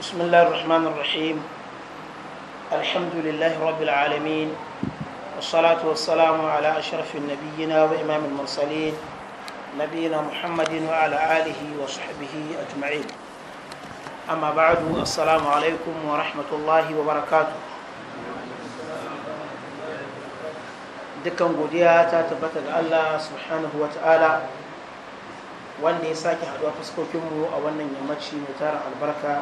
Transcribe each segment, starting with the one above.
بسم الله الرحمن الرحيم الحمد لله رب العالمين والصلاة والسلام على أشرف النبينا وإمام المرسلين نبينا محمد وعلى آله وصحبه أجمعين أما بعد السلام عليكم ورحمة الله وبركاته dukkan godiya ta tabbata ga Allah subhanahu wa ta'ala wanda ya sake haɗuwa fuskokinmu a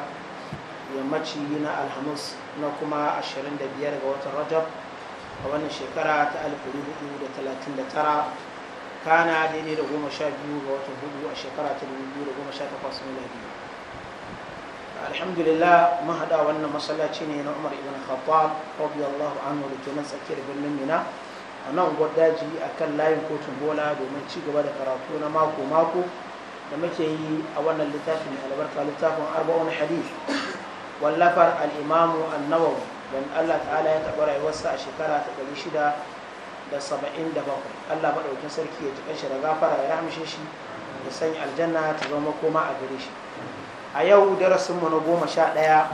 yammaci na alhamis na kuma 25 ga watan rajab a wannan shekara ta 1439 kana daidai da goma sha biyu ga watan hudu a shekara ta 2018 miladi alhamdulillah mahada wannan masallaci ne na umar ibn khattab radiyallahu anhu da ke nan tsakiyar birnin mina a nan gwadaji a kan layin kotun bola domin ci gaba da karatu na mako-mako da muke yi a wannan littafin albarka littafin arba'un hadith wallafar al'imamu annawawi don allah ta'ala ya taɓa rayuwarsa a shekara ta ɗari shida da saba'in da bakwai allah maɗaukin sarki ya jiƙa shi da gafara ya rahamshe shi ya sanya aljanna ta zama koma a gare shi a yau darasin mu na goma sha ɗaya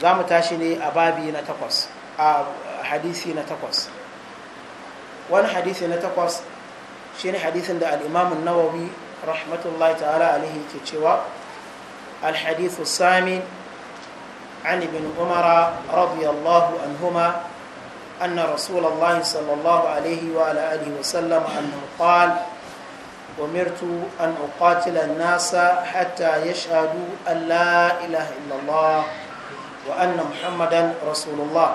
za mu tashi ne a babi na takwas a hadisi na takwas wani hadisi na takwas shi ne hadisin da al'imamun nawawi rahmatullahi ta'ala alaihi ke cewa الحديث الثامن عن ابن عمر رضي الله عنهما أن رسول الله صلى الله عليه وعلى آله وسلم أنه قال أمرت أن أقاتل الناس حتى يشهدوا أن لا إله إلا الله وأن محمدا رسول الله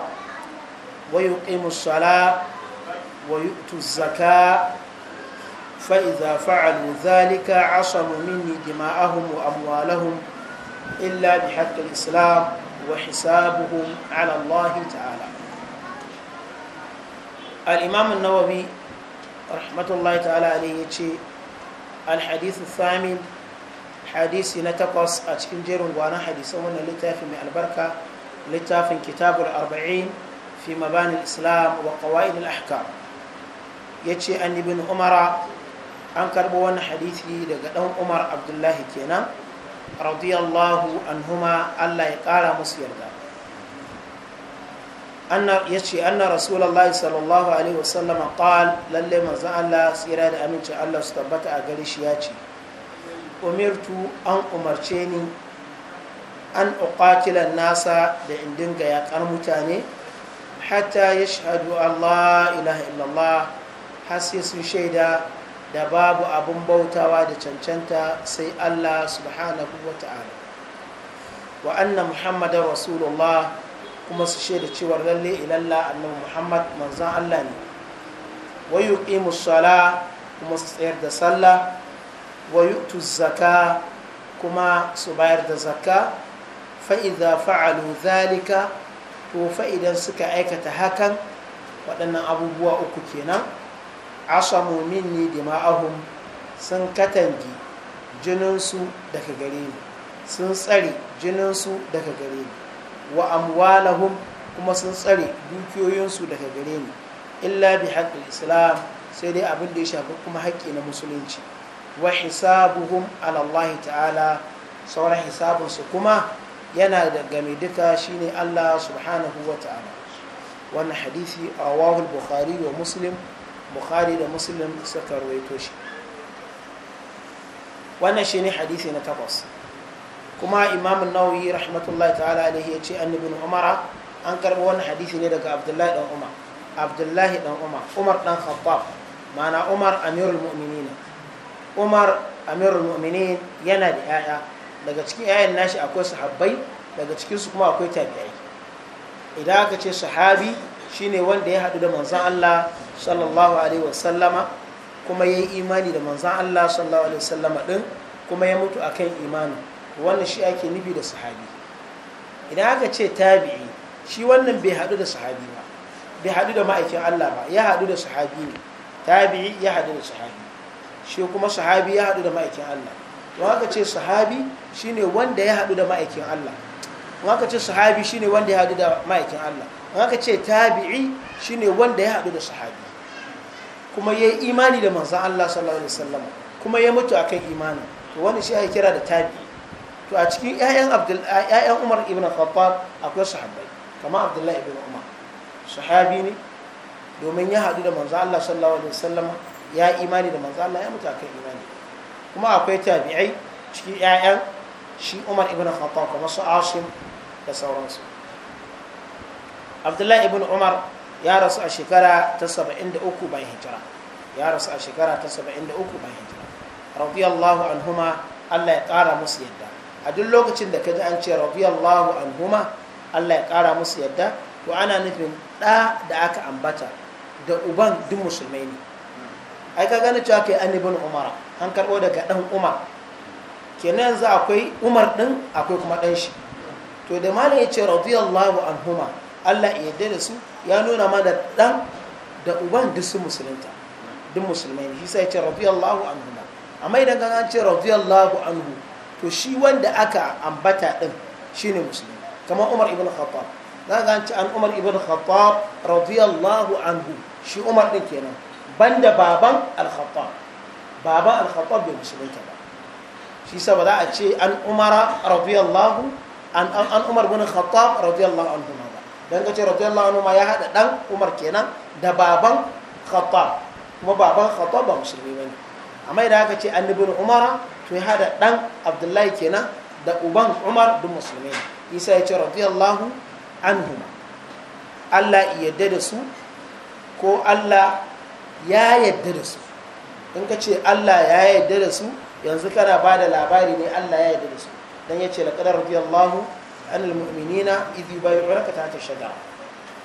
ويقيموا الصلاة ويؤتوا الزكاة فإذا فعلوا ذلك عصموا مني دماءهم وأموالهم إلا بحق الإسلام وحسابهم على الله تعالى الإمام النووي رحمة الله تعالى عليه يتشي الحديث الثامن حديث نتقص أتكن جير وانا حديث وانا لتافي من البركة لتافي كتاب الأربعين في مباني الإسلام وقواعد الأحكام يتشي أن ابن عمر أنكر بوانا حديثي لقدام عمر عبد الله كينا radiyallahu anhuma Allah ya kara musu yarda ya ce anna rasulallah sallallahu alaihi wasallama qal lalle manzon Allah tsira da amincin Allah su tabbata a gare shi ya ce umirtu an umarce ni an uqatila nasa da indin dinga yaƙar mutane hatta yashhadu Allah ilaha illallah har sun shaida da babu abin bautawa da cancanta sai Allah subhanahu wa ta'ala wa anna muhammadar rasulullah kuma su shaida cewar lalle ilalla annabi muhammad manzan Allah ne wa yuqimu sala kuma su tsayar da sallah wa yu'tu kuma su bayar da zakka fa idza fa'alu dhalika to fa idan suka aikata hakan waɗannan abubuwa uku kenan asamu minni dima'ahum sun katangi jininsu daga gare ni sun tsare jininsu daga gare ni wa amwalahum kuma sun tsare dukiyoyinsu daga gare ni illa bi haƙƙin islam sai dai abin da ya shafi kuma haƙƙi na musulunci wa hisabuhum alallahi ta'ala sauran hisabinsu kuma yana da game duka shine Allah subhanahu wa ta'ala wannan hadisi a wahul bukhari wa muslim bukhari da muslim suka rawaito shi wannan shi ne hadisi na takwas kuma imam nawawi rahmatullahi ta'ala alaihi ya ce an ibn umara an karɓi wannan hadisi ne daga abdullahi dan umar abdullahi dan umar umar dan khattab ma'ana umar amirul mu'minin umar amirul mu'minin yana da yaya daga cikin yayan nashi akwai sahabbai daga cikinsu kuma akwai tabi'ai idan aka ce sahabi shine wanda ya haɗu da manzan Allah sallallahu alaihi wasallama kuma ya yi imani da manzan Allah sallallahu alaihi wasallama ɗin kuma ya mutu a kan imani wannan shi ake nufi da sahabi idan aka ce tabi'i shi wannan bai haɗu da sahabi ba bai haɗu da ma'aikin Allah ba ya haɗu da sahabi ne tabi'i ya haɗu da sahabi shi kuma sahabi ya haɗu da ma'aikin Allah to haka ce sahabi shine wanda ya haɗu da ma'aikin Allah to haka ce sahabi shine wanda ya haɗu da ma'aikin Allah aka ce tabi'i shine wanda ya haɗu da sahabi kuma ya yi imani da manzan Allah sallallahu alaihi wasallam kuma ya mutu akan imani to wani shi haikira kira da tabi'i to a cikin 'ya'yan Umar ibn Khattab akwai sahabbai Kama Abdullahi ibn Umar sahabi ne domin ya haɗu da manzan Allah sallallahu alaihi wasallam ya yi imani da manzan Allah ya mutu akan imani kuma akwai tabi'ai cikin 'ya'yan shi Umar ibn Khattab kamar su Asim da sauransu abdullahi ibn umar ya rasu a shekara ta 73 bayan hijira ya rasu a shekara ta 73 bayan hijira radiyallahu anhuma Allah ya kara musu yadda a duk lokacin da ka ji an ce radiyallahu anhuma Allah ya kara musu yadda to ana nufin ɗa da aka ambata da uban duk musulmai ne ai ka gane cewa kai an ibn umar an karɓo daga ɗan umar kenan yanzu akwai umar ɗin akwai kuma dan shi to da malam ya ce radiyallahu anhuma Allah ya yarda da su ya nuna mana dan da uban duk su musulunta duk musulmai ne shi sai ya ce radiyallahu anhu amma idan kan an ce radiyallahu anhu to shi wanda aka ambata din shine musulmi kamar Umar ibn Khattab za ka an ce an Umar ibn Khattab radiyallahu anhu shi Umar din kenan banda baban al-Khattab baban al-Khattab bai musulunta ba shi sa ba za a ce an Umar radiyallahu an an Umar ibn Khattab radiyallahu anhu dan kace radiyallahu anhu ma ya hada dan Umar kenan da baban Khattab kuma baban Khattab ba musulmi bane amma idan aka ce annabi Umar to ya hada dan Abdullahi kenan da uban Umar duk musulmi Isa ya ce radiyallahu anhu Allah yadda da su ko Allah ya yadda da su in ka ce Allah ya yadda da su yanzu kana ba da labari ne Allah ya yadda da su dan ya ce laqad radiyallahu alal mu'minina idh yubayyi'unaka tahta shajara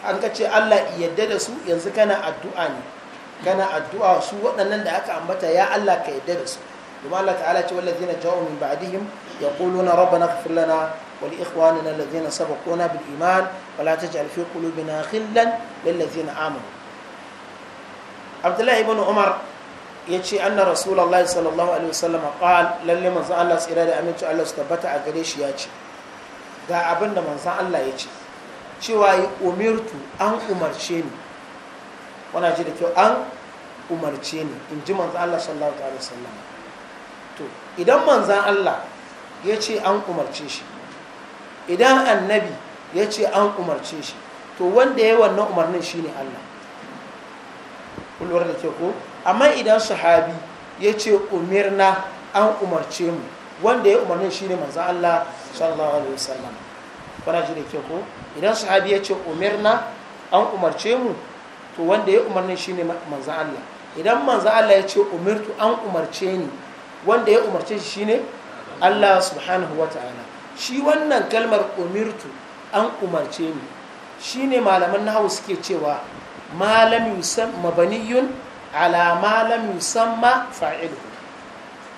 an kace ce Allah yadda da su yanzu kana addu'a ne kana addu'a su waɗannan da aka ambata ya Allah ka yadda da su domin Allah ta'ala ce wallazina ja'u min ba'dihim yaquluna rabbana ighfir lana wa li ikhwanina allazina sabaquna bil iman wa la taj'al fi qulubina ghillan lil ladzina amanu Abdullahi ibn Umar ya ce anna rasulullahi sallallahu alaihi wasallam qala lalle manzo Allah tsira da aminci Allah su tabbata a gare shi ya ce ga abin da manzan Allah ya ce cewa umirtu an umarce ni wana ji da kyau an umarce ni in ji manzan Allah sallallahu alaihi wasallam to idan manzan Allah ya ce an umarce shi idan annabi ya ce an umarce shi to wanda ya wannan umarnin shine Allah kullum da ke ko amma idan sahabi ya ce umirna an umarce mu wanda ya umarnin shine manzan Allah sallallahu alaihi wasallam kuna ji da ke ko idan sahabi ya ce umarna an umarce mu to wanda ya umarni shine manzo Allah idan manzo Allah ya ce umirtu an umarce ni wanda ya umarce shi shine Allah subhanahu wa ta'ala shi wannan kalmar umirtu an umarce ni shine malaman nahawu suke cewa malam yusam mabaniyun ala malam yusamma fa'iluhu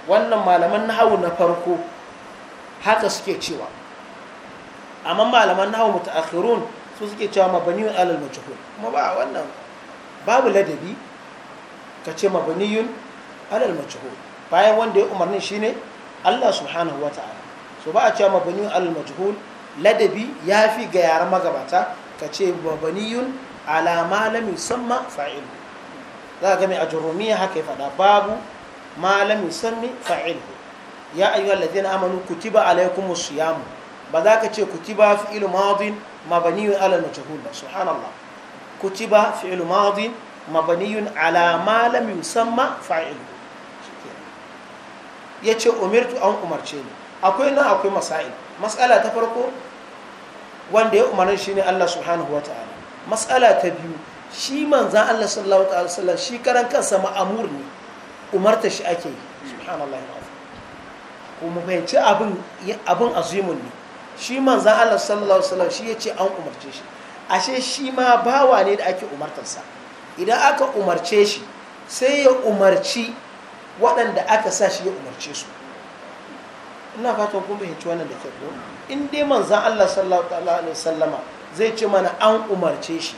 wannan malaman nahawu na farko haka suke cewa amma malaman nahu mutaakhirun su suke cewa mabaniyun alal majhul kuma ba wannan babu ladabi ka ce mabaniyun alal majhul bayan wanda ya umarnin shine Allah subhanahu wa so ba a cewa mabaniyun alal majhul ladabi ya fi ga yaran magabata ka ce mabaniyun ala ma lam yusamma fa'il za ka ga mai ajrumiya haka ya fada babu ma lam yusammi fa'il ya ayyuhal ladzina amanu kutiba alaykumus siyam ba za ka ce kutiba fi'il madin mabniyun ala majhul ba subhanallah kutiba fi'il madin mabniyun ala ma lam yusamma fa'il yace umirtu an umarce ni akwai nan akwai masail mas'ala ta farko wanda ya umarni shine Allah subhanahu wa ta'ala mas'ala ta biyu shi manzan Allah sallallahu alaihi wasallam shi karan kansa ma'amur ne umarta shi ake yi ko mu fahimci abin abin azimun ne shi manzan Allah sallallahu alaihi wasallam shi yace an umarce shi ashe shi ma bawa ne da ake umartarsa idan aka umarce shi sai ya umarci waɗanda aka sa shi ya umarce su ina fatan kun fahimci wannan da ke ko in dai manzan Allah sallallahu alaihi wasallama zai ce mana an umarce shi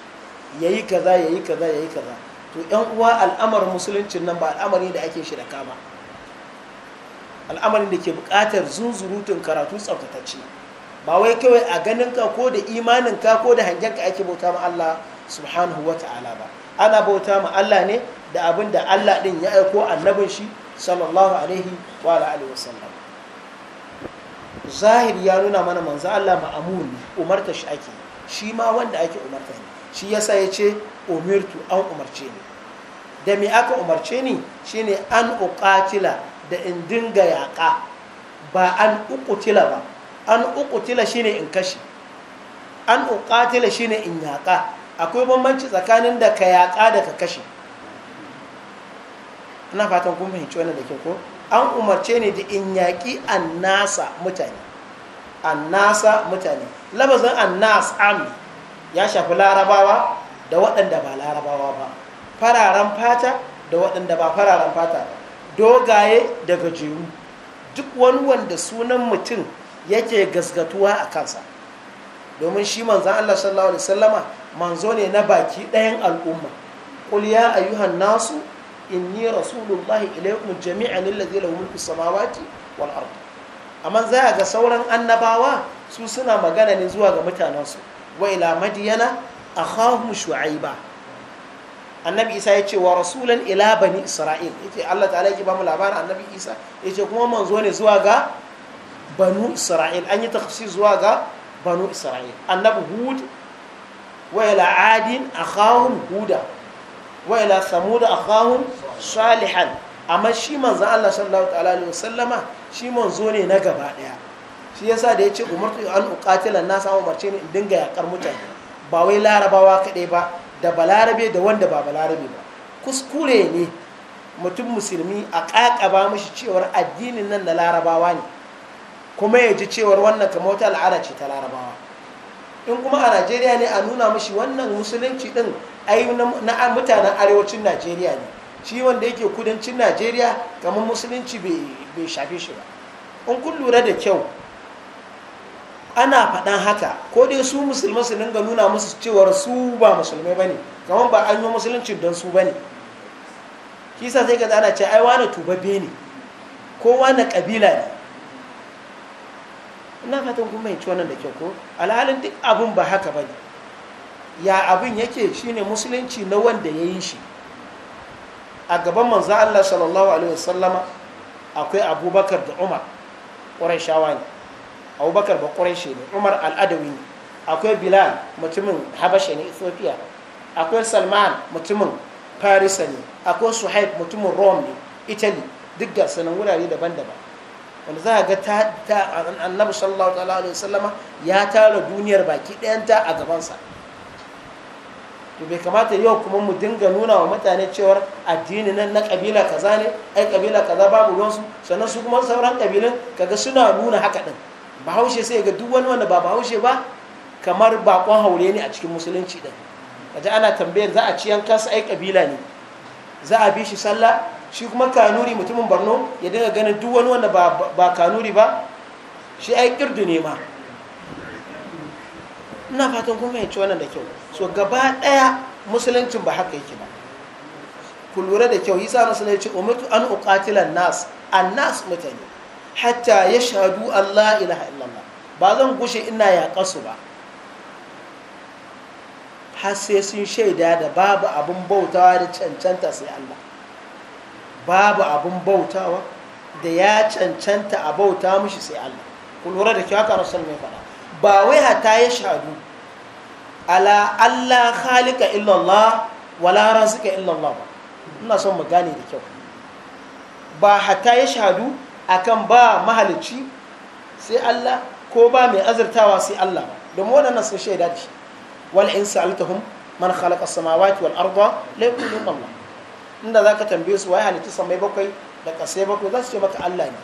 yayi kaza yayi kaza yayi kaza to yan uwa al'amar musuluncin nan ba al'amari da ake shi da kama al'amarin da ke bukatar zunzurutun karatu tsaftatacce ba wai kawai a ganin ka ko da imanin ka ko da hangen ka ake bauta ma Allah subhanahu wa ta'ala ba ana bauta ma Allah ne da abin da Allah din ya aiko annabin shi sallallahu alaihi wa alihi sallam zahir ya nuna mana manzo Allah ma'amun umarta shi ake shi ma wanda ake umarta ne shi yasa ya ce umirtu an umarce ni da me aka umarce ni shine an uqatila da in dinga yaƙa ba an ukutila ba an ukutila shine in kashi an shi shine in yaƙa akwai bambanci tsakanin da ka yaƙa da ka kashe Ana fatan kuma fahimci wannan da ke ko an umarce ne da in yaƙi an nasa mutane an nasa mutane labazin an nas ami ya shafi larabawa da waɗanda ba larabawa ba fararen fata da waɗanda ba fararen fata ba dogaye da gajeru duk wani wanda sunan mutum yake gasgatuwa a kansa domin shi manzan Allah sallallahu alaihi sallama manzo ne na baki ɗayan al'umma ƙul ya ayyuhan nasu inni rasulullahi ilaykum jami'an alladhi lahu mulku samawati wal ard amma za ga sauran annabawa su suna magana ne zuwa ga mutanensu wa ila madiyana akhahum shu'aiba annabi isa ya ce wa rasulan ila bani isra'il ce Allah ta'ala ya ba mu labarin annabi isa ya ce kuma manzo ne zuwa ga banu isra'il an yi tafsi zuwa ga banu isra'il annabi hud wa ila adin akhahum huda wa ila samud akhahum salihan amma shi manzo Allah sallallahu ta'ala alaihi wasallama shi manzo ne na gaba daya shi yasa da ya umartu an uqatila nasa umarce ne in dinga yakar mutane ba wai larabawa kadai ba da balarabe da wanda ba balarabe ba kuskure ne mutum musulmi a ƙaƙaba mashi cewar addinin nan na larabawa ne kuma ya ji cewar wannan kamar wata al'ada ce ta larabawa in kuma a najeriya ne a nuna mashi wannan musulunci ɗin ai na mutanen arewacin najeriya ne shi wanda yake kudancin najeriya kamar musulunci bai shafe shi ba in kun lura da kyau ana faɗan haka ko dai su musulman su dinga nuna musu cewar su ba musulmai bane kamar ba an yi musulunci don su bane kisa sai ka ana ce ai wani tubabbe ne ko wani kabila ne ina fatan kun fahimci wannan da kyau ko alhalin duk abin ba haka bane ya abin yake shine musulunci na wanda ya yi shi a gaban manzo Allah sallallahu alaihi wasallama akwai Abubakar da Umar ƙurai shawa ne abubakar bakwarai shi ne umar al'adawi ne akwai bilal mutumin habasha ne ethiopia akwai salman mutumin farisa ne akwai suhaib mutumin rome ne italy duk da sanin wurare daban-daban wanda za a ga ta annabi sallallahu alaihi wasallama ya tara duniyar baki ɗayanta a gabansa to bai kamata yau kuma mu dinga nuna wa mutane cewar addini nan na kabila kaza ne ai kabila kaza babu ruwansu sannan su kuma sauran kabilan kaga suna nuna haka din bahaushe sai ga duk wani wanda ba bahaushe ba kamar bakon haure ne a cikin musulunci din kaji ana tambayar za a ci yankansa ai kabila ne za a bi shi sallah shi kuma kanuri mutumin borno ya dinga ganin duk wani wanda ba kanuri ba shi ai kirdu ne ma ina fatan kun fahimci wannan da kyau so gaba ɗaya musuluncin ba haka yake ba ku lura da kyau yi sa musulunci umutu an uqatilan nas annas mutane hatta ya shahadu Allah ilaha illallah ba zan gushe ina ya kasu ba har sai sun shaida da babu abin bautawa da cancanta sai Allah babu abin bautawa da ya cancanta a bauta mishi sai Allah ku lura da kyau haka rasul mai faɗa ba wai hatta ya shahadu ala Allah khalika illallah wala razika illallah ba ina son mu gane da kyau ba hatta ya shahadu akan ba mahalicci sai Allah ko ba mai azurtawa sai Allah mu waɗannan sun shaida da shi wal in sa'altahum man khalaqa samawati wal arda la Allah inda zaka tambaye su wai halitta samai bakwai da kasai bakwai za su ce maka Allah ne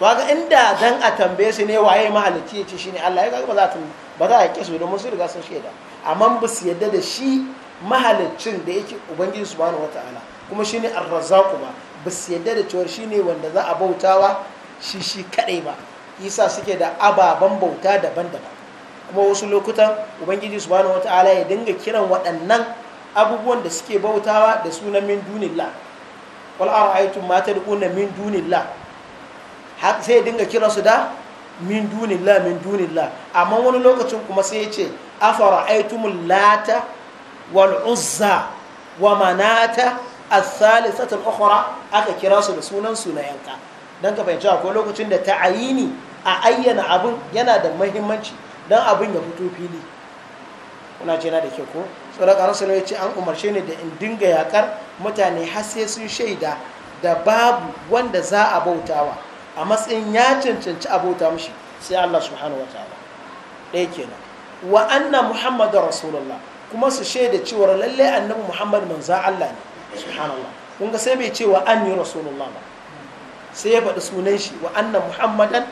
to haka inda dan a tambaye su ne waye mahalicci ya ce shine Allah ya kaga ba za ta ba za a su domin su riga sun shaida amma ba su yadda da shi mahaliccin da yake ubangiji subhanahu wataala kuma shine ar-razzaq ba ba su yadda da cewar shi ne wanda za a bautawa shi shi kadai ba isa suke da ababen bauta daban-daban kuma wasu lokutan ubangiji su wata wata'ala ya dinga kiran waɗannan abubuwan da suke bautawa da sunan min dunillah wal ara'aytum ma tad'una min dunilla har sai ya dinga kiransu da min dunilla min dunilla amma wani lokacin kuma sai ya ce afara'aytumul lata wal uzza wa manata as-salisatul ukhra aka kira su da sunan sunayenka na yanka dan ka fahimci akwai lokacin da ta ta'ayini a ayyana abin yana da muhimmanci dan abin ya fito fili kuna ce na da ke ko tsoron karon salo ya ce an umarce ne da in dinga yakar mutane har sai sun shaida da babu wanda za a bautawa a matsayin ya cancanci a bauta mushi sai Allah subhanahu wataala ɗaya kenan wa anna muhammadu rasulullah kuma su shaida cewar lallai annabi muhammad manzo Allah ne subhanallah kun ga sai bai ce wa yi rasulullah ba sai ya faɗi sunan shi wa annan muhammadan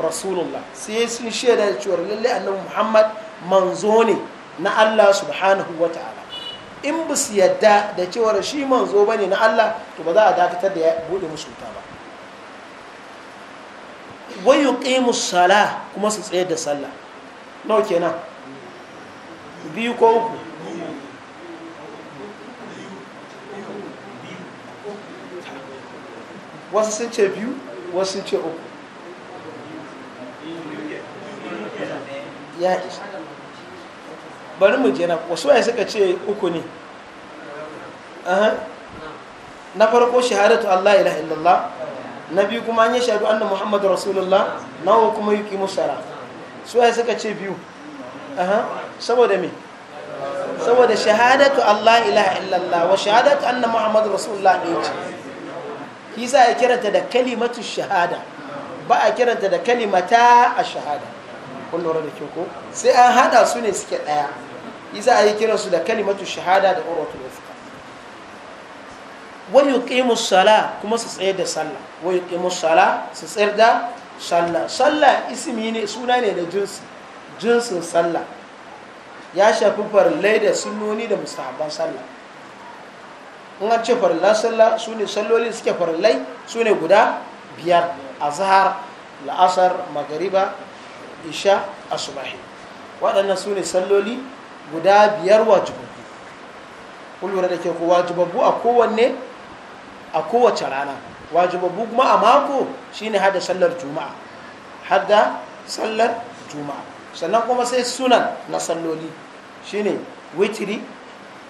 rasulullah sai ya sun shaida da cewa lalle annan muhammad manzo ne na Allah subhanahu wa ta'ala in ba su yadda da cewar shi manzo ba ne na Allah to ba za a dakatar da ya buɗe musu ta ba wayo ƙimus sala kuma su tsaye da sallah nawa kenan biyu ko uku wasu sun ce biyu wasu sun ce uku ya isa bari mu je na wasu waye suka ce uku ne na farko shahadatu Allah ilaha illallah na biyu kuma an yi shahadu anna muhammadu rasulullah na uku kuma yuki musara su waye suka ce biyu saboda me saboda shahadatu Allah ilaha illallah wa shahadatu annan muhammadu rasulullah ɗaya ce shi za a kiranta da kalimatu shahada ba a kiranta da kalimata a shahada kun lura da kyau ko sai an hada su ne suke daya shi za a yi kiransu da kalimatu shahada da da wuthqa wani yuqimu sala kuma su tsayar da sallah wani yuqimu sala su tsayar da sallah sallah ismi ne suna ne da jinsi jinsin sallah ya shafi farlai da sunnoni da mustahabban sallah in an ce farillan sallah su ne salloli suke farillai su ne guda biyar a zahar la'asar magariba isha asubahi waɗannan su ne salloli guda biyar wajibabbu kullum da ke ku wajibabbu a kowanne a kowace rana wajibabbu kuma a mako shine hada sallar juma'a hada sallar juma'a sannan kuma sai sunan na salloli shine witiri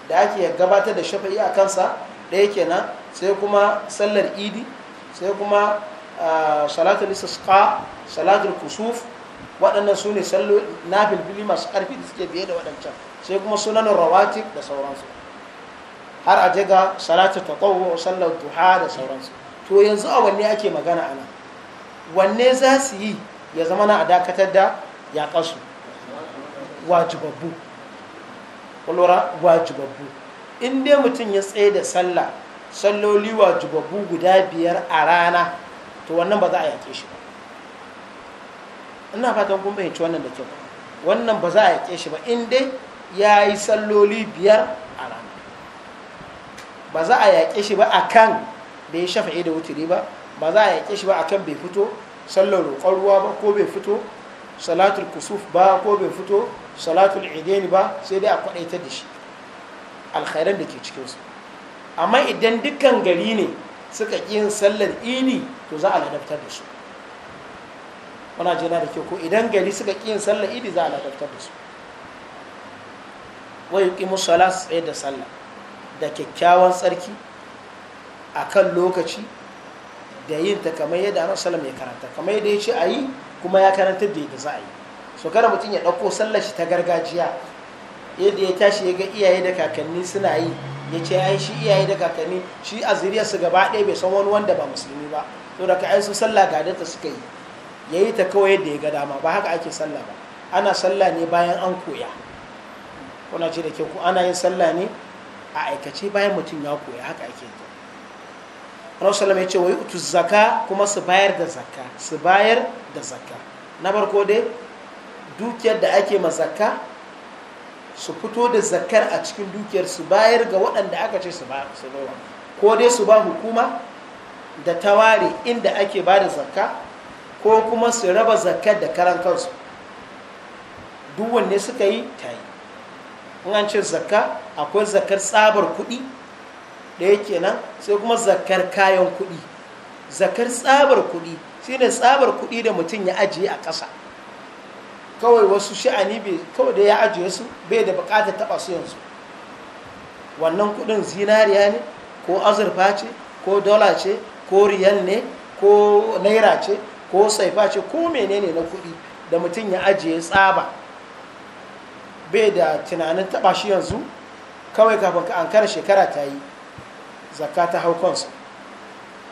da ake gabatar da shafa'i a kansa ɗaya kenan sai kuma sallar idi sai kuma salatul istisqa salatul kusuf waɗannan su ne sallo na filfili masu ƙarfi da suke biye da waɗancan sai kuma sunanin Rawatik da sauransu har a jiga salatu taqawwu sallar duha da sauransu to yanzu a wanne ake magana ana wanne za su yi ya zama na a dakatar da yaƙansu wajibabbu kullura wajibabbu in dai mutum ya tsaye da sallah salloli wajibabbu guda biyar a rana to wannan ba za a yake shi ba ina fatan kun bayyanci wannan da kyau wannan ba za a yake shi ba in dai ya yi salloli biyar a rana ba za a yake shi ba akan da ya shafa da wuturi ba ba za a yake shi ba akan bai fito sallar roƙon ruwa ba ko bai fito salatul kusuf ba ko bai fito salatul idaini ba sai dai a kwadaitar da shi alkhairan da ke cikinsu amma idan dukkan gari ne suka ƙi yin sallar idi to za a ladabtar da su wana jina da ke ko idan gari suka ƙi yin sallar idi za a ladabtar da su wai yuƙi musala su tsaye da sallah da kyakkyawan tsarki a kan lokaci da yin ta kamar yadda anasalam ya karanta kamar yadda ya ce a yi kuma ya karanta da yadda za a yi so kada mutum ya ɗauko sallar shi ta gargajiya yadda ya tashi ya ga iyaye da kakanni suna yi ya ce ai shi iyaye da kakanni shi a su gaba ɗaya bai san wani wanda ba musulmi ba to daga ai su sallah gadarta suka yi ya yi ta kawai yadda ya ga dama ba haka ake sallah ba ana sallah ne bayan an koya kuna ce da ke ku ana yin sallah ne a aikace bayan mutum ya koya haka ake yi rasulullah ya ce wai utu zaka kuma su bayar da zaka su bayar da zaka na farko dai dukiyar da ake mazaka su fito da zakar a cikin dukiyar su bayar ga waɗanda aka ce su ba ko dai su ba hukuma da taware inda ake ba da zakka ko kuma su raba zakar da karan kansu duk wanne suka yi ta yi in an ce zakka akwai zakar tsabar kuɗi da yake nan sai kuma zakar kayan kuɗi zakar tsabar kuɗi shine tsabar kuɗi da mutum ya ajiye a ƙasa kawai wasu sha'ani bai kawai da ya ajiye su bai da bukatar taba su yanzu wannan kudin zinariya ne ko azurfa ce ko dola ce ko riyal ne ko naira ce ko saifa ce ko menene na kudi da mutum ya ajiye tsaba bai da tunanin taba shi yanzu kawai kafin ka ankara shekara ta yi zakka ta hau kansu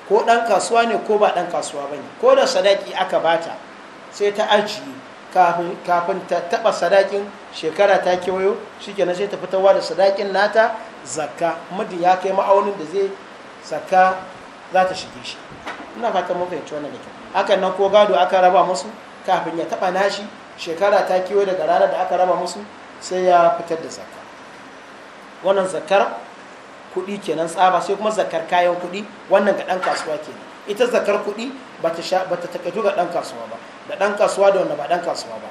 ko ɗan kasuwa ne ko ba ɗan kasuwa ba ne ko da sadaki aka bata sai ta ajiye kafin ta taɓa sadakin shekara ta kewayo shi na sai ta fitowa da sadakin nata zakka muddin ya kai ma'aunin da zai zakka za ta shige shi ina fatan mun fahimci wannan da hakan nan ko gado aka raba musu kafin ya taɓa nashi shekara ta kewayo daga rana da aka raba musu sai ya fitar da zakka wannan zakkar kuɗi kenan tsaba sai kuma zakkar kayan kuɗi wannan ga ɗan kasuwa kenan ita zakkar kuɗi ba ta takaitu ga ɗan kasuwa ba da ɗan kasuwa da wanda ba ɗan kasuwa ba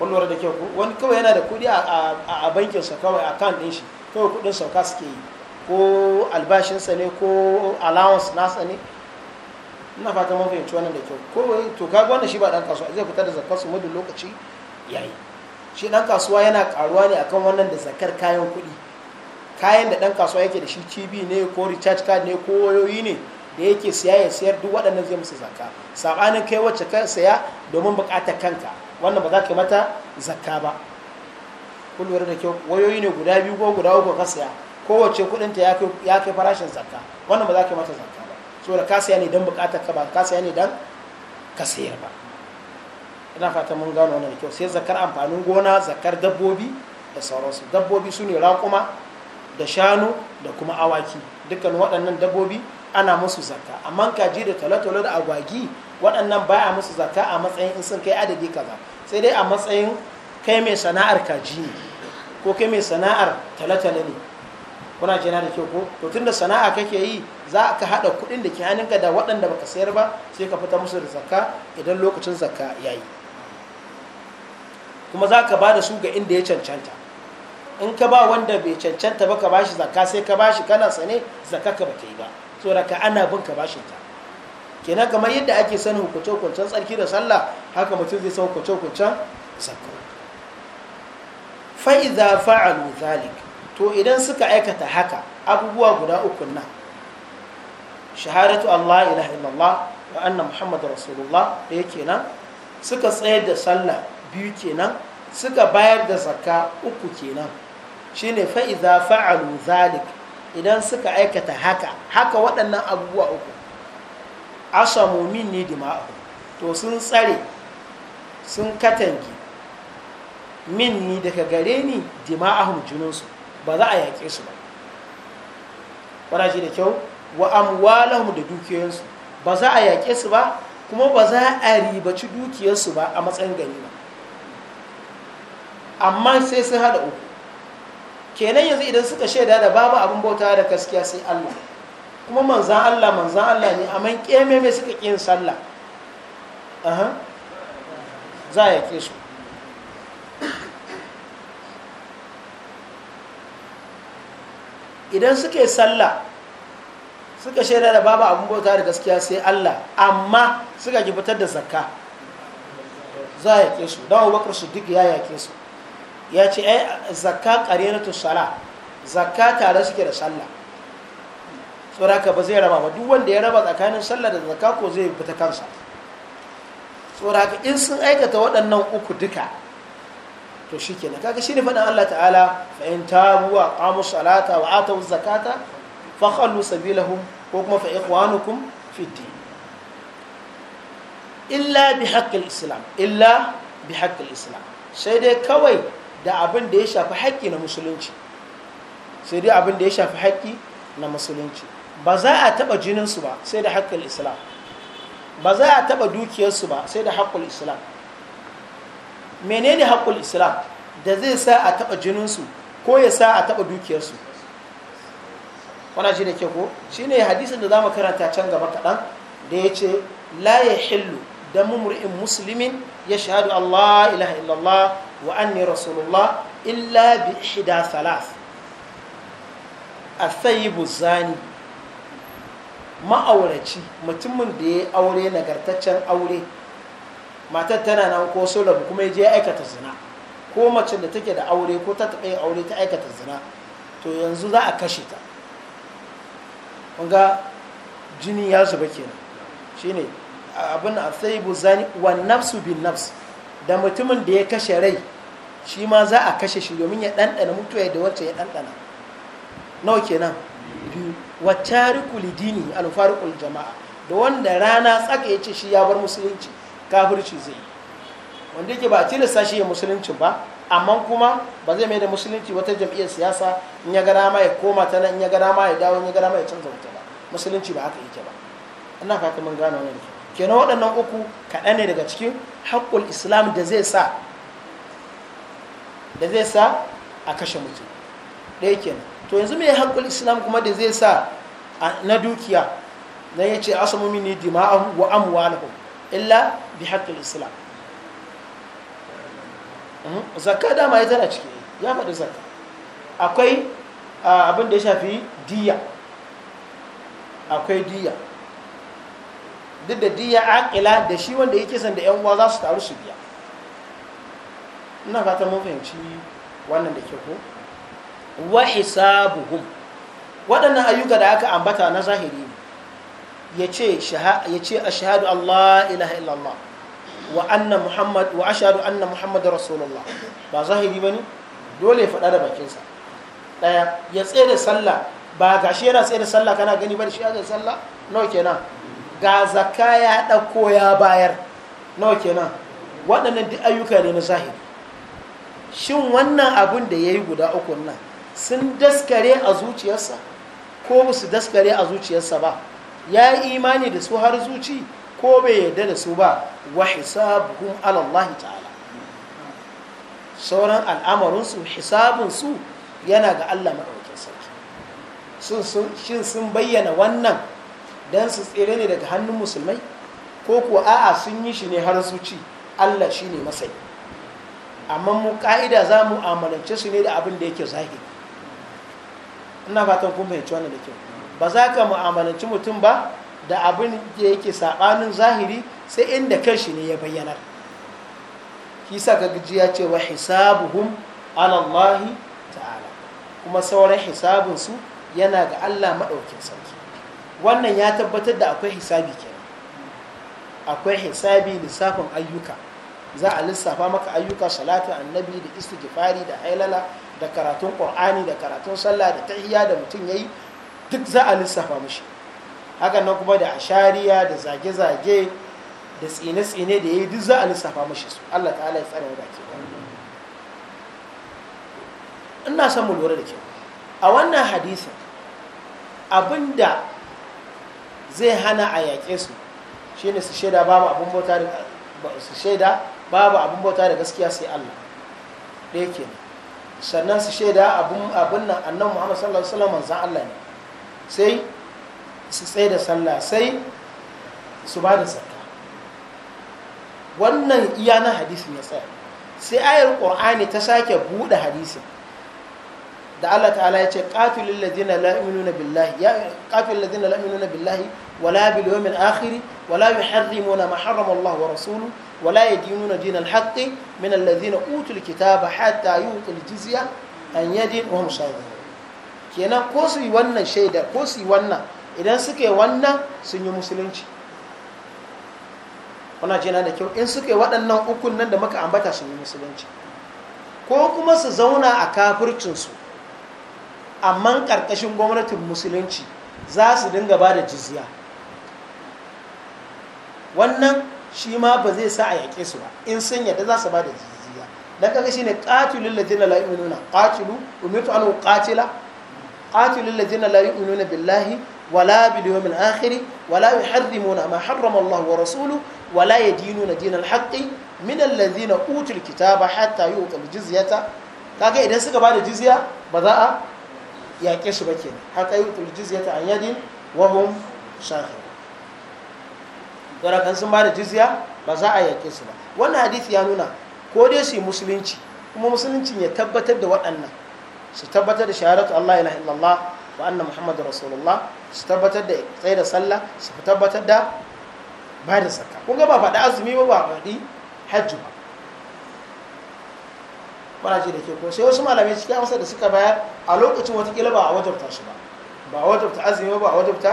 wani lura da kyau wani kawai yana da kuɗi a bankinsa kawai a kan ɗin shi kawai kuɗin sauka suke yi ko albashinsa ne ko allowance nasa ne ina fata mun fahimci wannan da kyau kawai to kaga wannan shi ba ɗan kasuwa zai fita da zakar su muddin lokaci yayi shi ɗan kasuwa yana karuwa ne akan wannan da zakar kayan kuɗi kayan da ɗan kasuwa yake da shi cibi ne ko recharge card ne ko wayoyi ne da yake siya ya siyar duk waɗannan zai musu zakka saɓanin kai wacce ka saya domin buƙatar kanka wannan ba za ka mata zakka ba kun da kyau wayoyi ne guda biyu ko guda uku ka saya kowace kuɗinta ya kai farashin zakka wannan ba za ka mata zakka ba saboda ka saya ne don buƙatar ka ba ka saya ne don ka sayar ba ina fata mun gano wannan da kyau sai zakar amfanin gona zakar dabbobi da sauransu dabbobi su ne raƙuma da shanu da kuma awaki dukkan waɗannan dabbobi ana musu zaka amma kaji da talotalo da agwagi waɗannan ba a musu zaka a matsayin in sun kai adadi kaza sai dai a matsayin kai mai sana'ar kaji ne ko kai mai sana'ar talotalo ne kuna jina da kyau ko to tunda sana'a kake yi za ka haɗa kuɗin da ke hannunka da waɗanda baka sayar ba sai ka fita musu da zaka idan lokacin zakka ya yi kuma za ka ba da su ga inda ya cancanta in ka ba wanda bai cancanta ba ka ba shi zakka sai ka ba shi kana sane zaka ka ba ka yi ba tsoraka ana bin ka bashin ta kenan kamar yadda ake sanin hukunce tsarki da sallah haka mutum zai san hukuncin hukuncen zakka fa fa'alu zalik to idan suka aikata haka abubuwa guda uku nan shahadatu Allah ilaha illallah wa muhammad rasulullah da yake nan suka tsayar da sallah biyu kenan suka bayar da zakka uku kenan shine fa idza fa'alu zalik idan suka aikata haka haka waɗannan abubuwa uku asamu min ne dima'ahu to sun tsare sun katange min ni daga gare ni dima'ahum junansu ba za a yaƙe su ba ƙwarashi da kyau wa amwalahum da dukiyoyinsu ba za a yaƙe su ba kuma ba za a ribaci dukiyarsu ba a matsayin ba amma sai sun haɗa uku kenan yanzu idan suka shaida da babu abin bauta da gaskiya sai Allah kuma manzan Allah manzan Allah ne amma mai suka kin sallah aha za ya ke su idan suka yi sallah suka shaida da babu abin bauta da gaskiya sai Allah amma suka ki fitar da zakka za ya ke su don abubakar su duk ya yake su ya ce ai eh, zakka qarinatu sala zakka tare suke da sallah tsoraka ba zai raba ba duk wanda ya raba tsakanin sallah da zakka ko zai fita kansa tsoraka in sun aikata waɗannan uku duka to shikenan kaga shine faɗin Allah ta'ala fa in tabu wa qamu salata wa atu zakata fa khallu sabilahum ko kuma fa ikhwanukum fi illa bi haƙƙin islam illa bi haƙƙin islam sai dai kawai da abin da ya shafi haƙƙi na musulunci sai dai abin da ya shafi haƙƙi na musulunci ba za a taɓa jininsu ba sai da haƙƙin islam ba za a taɓa dukiyarsu ba sai da haƙƙul islam menene haƙƙul islam da zai sa a taɓa jininsu ko ya sa a taɓa dukiyarsu wana shi da ke ko shi ne hadisin da za mu karanta can gaba kaɗan da ya ce la ya hillu da mumur'in musulmin ya shahadu allah ilaha illallah wa anni rasulullah illa bi ihda thalath yi zani ma'auraci mutumin da ya aure nagartaccen aure matar tana nan ko sulabu kuma ya je ya aikata zina ko mace da take da aure ko ta taɓa yin aure ta aikata zina to yanzu za a kashe ta ga jini ya zuba kenan shine abin a sai bu zani wa nafsu bin nafsu da mutumin da ya kashe rai shi ma za a kashe shi domin ya ɗanɗana mutuwa da wacce ya ɗanɗana nawa kenan biyu rikul dini alfarikul jama'a da wanda rana tsaka ya ce shi ya bar musulunci kafirci zai wanda yake ba tilasta shi ya musulunci ba amma kuma ba zai mai da musulunci wata jam'iyyar siyasa in ya gara ma ya koma ta nan in ya gara ma ya dawo in ya gara ma ya canza wuta ba musulunci ba haka yake ba ina fata mun gane wannan kenan waɗannan uku kaɗan ne daga cikin haƙƙul islam da zai sa da zai sa a kashe mutum ɗaya yake to yanzu mai haƙƙul islam kuma da zai sa na dukiya na ya ce asamu mini dima'ahu wa ku illa bi haƙƙul islam hmm? zakka dama ya tana ciki ya faɗi zakka akwai abin da ya shafi diya akwai diya duk da diya aƙila da shi wanda yake kisan da yan uwa za su taru su biya ina fatan mun fahimci wannan da ke ko wa hisabuhum waɗannan ayyuka da aka ambata na zahiri ya ce ashhadu Allah ilaha illallah wa anna muhammad wa ashhadu anna muhammadar rasulullah ba zahiri bane dole ya faɗa da bakinsa ɗaya ya tsaye da sallah ba gashi yana tsaye da sallah kana gani ba da shi ya sallah nawa kenan ga zaka ya ɗauko ya bayar nawa kenan waɗannan duk ayyuka ne na zahiri shin wannan abin da ya yi guda uku nan sun daskare a zuciyarsa ko ba su daskare a zuciyarsa ba ya yi imani da su har zuci ko bai yarda da su ba wa hisabuhum alallahi ta'ala sauran al'amarinsu hisabinsu yana ga Allah maɗaukin sarki shin sun bayyana wannan don su tsere ne daga hannun musulmai ko kuwa a'a sun yi shi ne har su ci allah shi ne masai amma mu ka'ida za mu amalance su ne da abin da yake zahiri ina fatan kun fahimci wannan da kyau ba za ka mu'amalanci mutum ba da abin da yake saɓanin zahiri sai inda kan shi ne ya bayyana kisa ga gajiya ce wa hisabuhum alallahi ta'ala kuma sauran hisabinsu yana ga Allah maɗaukin wannan ya tabbatar da akwai hisabi ke akwai hisabi lissafin ayyuka za a lissafa maka ayyuka salatu annabi da istighfari da hailala da karatun qur'ani da karatun sallah da tahiyya da mutum yayi duk za a lissafa mishi hakan nan kuma da ashariya da zage-zage da tsine-tsine da yayi duk za a lissafa mishi su Allah ta'ala ya tsare mu baki ina son mu lura da ke a wannan hadisin abinda zai hana a yaƙe su shi ne su shaida babu abin bauta da su shaida babu abin bauta da gaskiya sai Allah ɗaya kenan sannan su shaida abin abin nan annabi Muhammad sallallahu alaihi wasallam manzon Allah ne sai su tsaye da sallah sai su ba da zakka wannan iya na hadisin ya tsaya sai ayar qur'ani ta sake buɗe hadisin da Allah ta'ala ya ce qatilul ladina la yu'minuna billahi ya qatilul ladina la yu'minuna billahi wala bil akiri akhir wala yuharrimuna ma harrama Allah wa rasuluhu wala yadinuna dinal haqqi min alladhina utul kitaba hatta yu'tul jizya an yadin wa hum kenan ko su yi wannan shaida ko su yi wannan idan suka yi wannan sun yi musulunci kuna jina da kyau in suka yi waɗannan ukun nan da muka ambata sun yi musulunci ko kuma su zauna a kafircinsu amma ƙarƙashin gwamnatin musulunci za su dinga ba da jizya wannan shi ma ba zai sa a yaƙe su ba in sun yadda za su ba da jizya don kaga shine qatilul ladina la yu'minuna qatilu umitu an ƙatila qatilul ladina la ununa billahi wala bil yawmil akhir wala yuharrimuna ma harrama Allah wa rasuluhu wala yadinuna dinal haqqi min alladhina utul kitaba hatta bi jizyata kaga idan suka ba da jizya ba za a yaƙe shi ba ke haka yi jizya ta an wahum shahid kan sun ba da jizya ba za a yaƙe su ba wannan hadith ya nuna ko dai su yi musulunci kuma musuluncin ya tabbatar da waɗannan su tabbatar da shahadatu Allah ilaha illallah wa anna muhammadu rasulullah su tabbatar da tsaye da sallah su tabbatar da ba da zakka kun ga ba faɗi azumi ba ba faɗi hajji ba bana ce da ke ko sai wasu malamai cikin amsa da suka bayar a lokacin watakila ba a wajabta shi ba ba a wajabta azumi ba a wajabta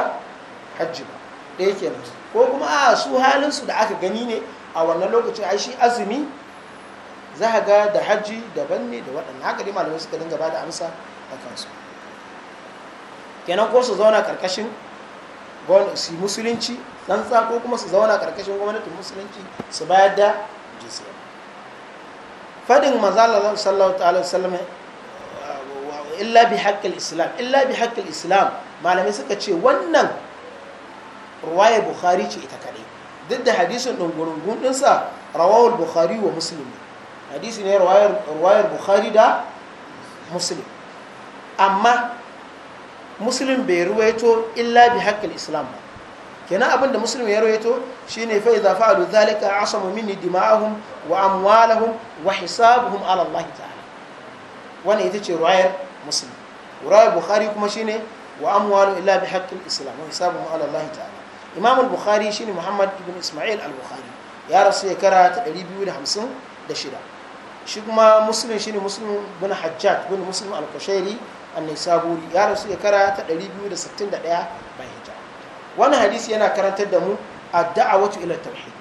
hajji ba da yake nan ko kuma a su halinsu da aka gani ne a wannan lokacin ai shi azumi za a ga da hajji daban ne da waɗannan haka dai malamai suka dinga ba da amsa a kansu kenan ko su zauna karkashin musulunci tsantsa ko kuma su zauna karkashin gwamnatin musulunci su bayar da fadin manzala sallallahu alaihi wasallam illa bi haqqil islam illa bi haqqil islam malamai suka ce wannan ruwaya bukhari ce ita kadai duk da hadisin dungurungun dinsa rawawul bukhari wa muslim hadisi ne ruwayar bukhari da muslim amma muslim bai ruwaito illa bi haqqil islam ba kenan abin da muslim ya rawaito shine fa idza fa'alu dhalika asamu minni dima'ahum wa amwalahum wa hisabuhum ala Allah ta'ala wannan ita ce ruwayar muslim ruwayar bukhari kuma shine wa amwalu illa bi haqqil islam wa hisabuhum ala Allah ta'ala imam al-bukhari shine muhammad ibn isma'il al-bukhari ya rasu ya kara ta 256 shi kuma muslim shine muslim bin hajjaj bin muslim al-kushairi an-nisaburi ya rasu ya kara ta 261 wani hadisi yana karantar da mu a watu ila tauhid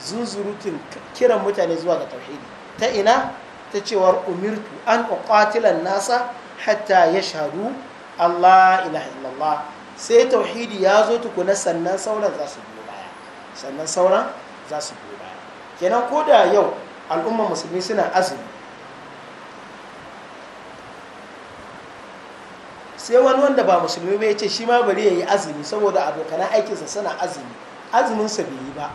zunzurutun kiran mutane zuwa ga tauhidi ta ina ta cewar umirtu an uqatilan nasa hatta yashhadu Allah ilaha illallah sai tauhidi ya zo tukuna sannan sauran za su biyo baya sannan sauran za su biyo baya kenan ko da yau al'umman musulmi suna azumi sai wani wanda ba musulmi ba ya ce shi ma bari ya yi azumi saboda abokanan aikinsa suna azumi azuminsa bai yi ba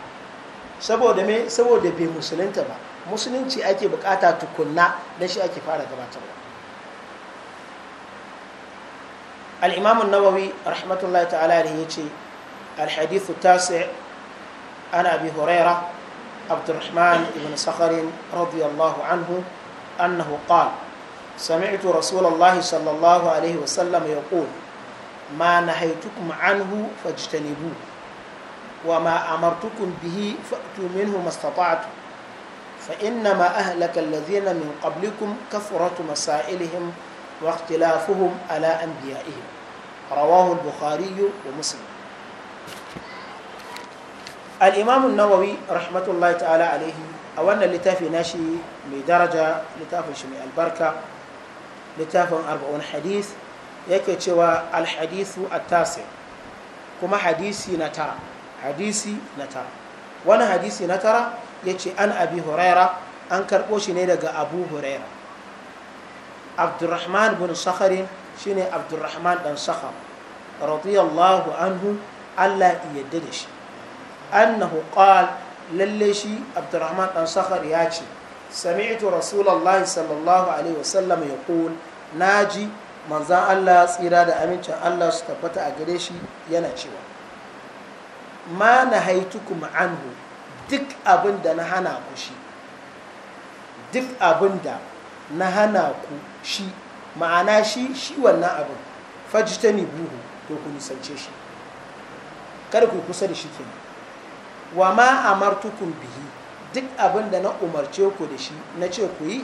saboda me saboda bai musulunta ba musulunci ake bukata tukunna da shi ake fara gabatarwa al-imam nawawi rahmatullahi ta'ala da yace ce hadith ta tasi an abi hurairah عبد ibn بن صخر anhu الله عنه سمعت رسول الله صلى الله عليه وسلم يقول ما نهيتكم عنه فاجتنبوه وما أمرتكم به فأتوا منه ما استطعتم فإنما أهلك الذين من قبلكم كثرة مسائلهم واختلافهم على أنبيائهم رواه البخاري ومسلم الإمام النووي رحمة الله تعالى عليه أولا لتافي ناشي بدرجة لتافي شمي البركة littafin arba'un hadis yake cewa alhadisu attasi kuma hadisi na tara hadisi na tara wani hadisi na tara ya ce an abi huraira an karɓo shi ne daga abu huraira abdurrahman bin sakharin shine abdurrahman dan sakhar radiyallahu anhu allah yadda da shi annahu ƙal lalle shi abdurrahman ɗan sakhar ya ce sami'tu rasulullahi sallallahu alaihi wasallam na naji manzan Allah tsira da amincin Allah su tabbata a gare shi yana cewa ma na haitukum anhu duk abin da na hana ku shi duk abin da na hana ku shi ma'ana shi shi wannan abin fajitani buhu to ku nisance shi kar ku kusa da shi kenan wa ma amartukum bihi duk abin da na umarce ku da shi na ce ku yi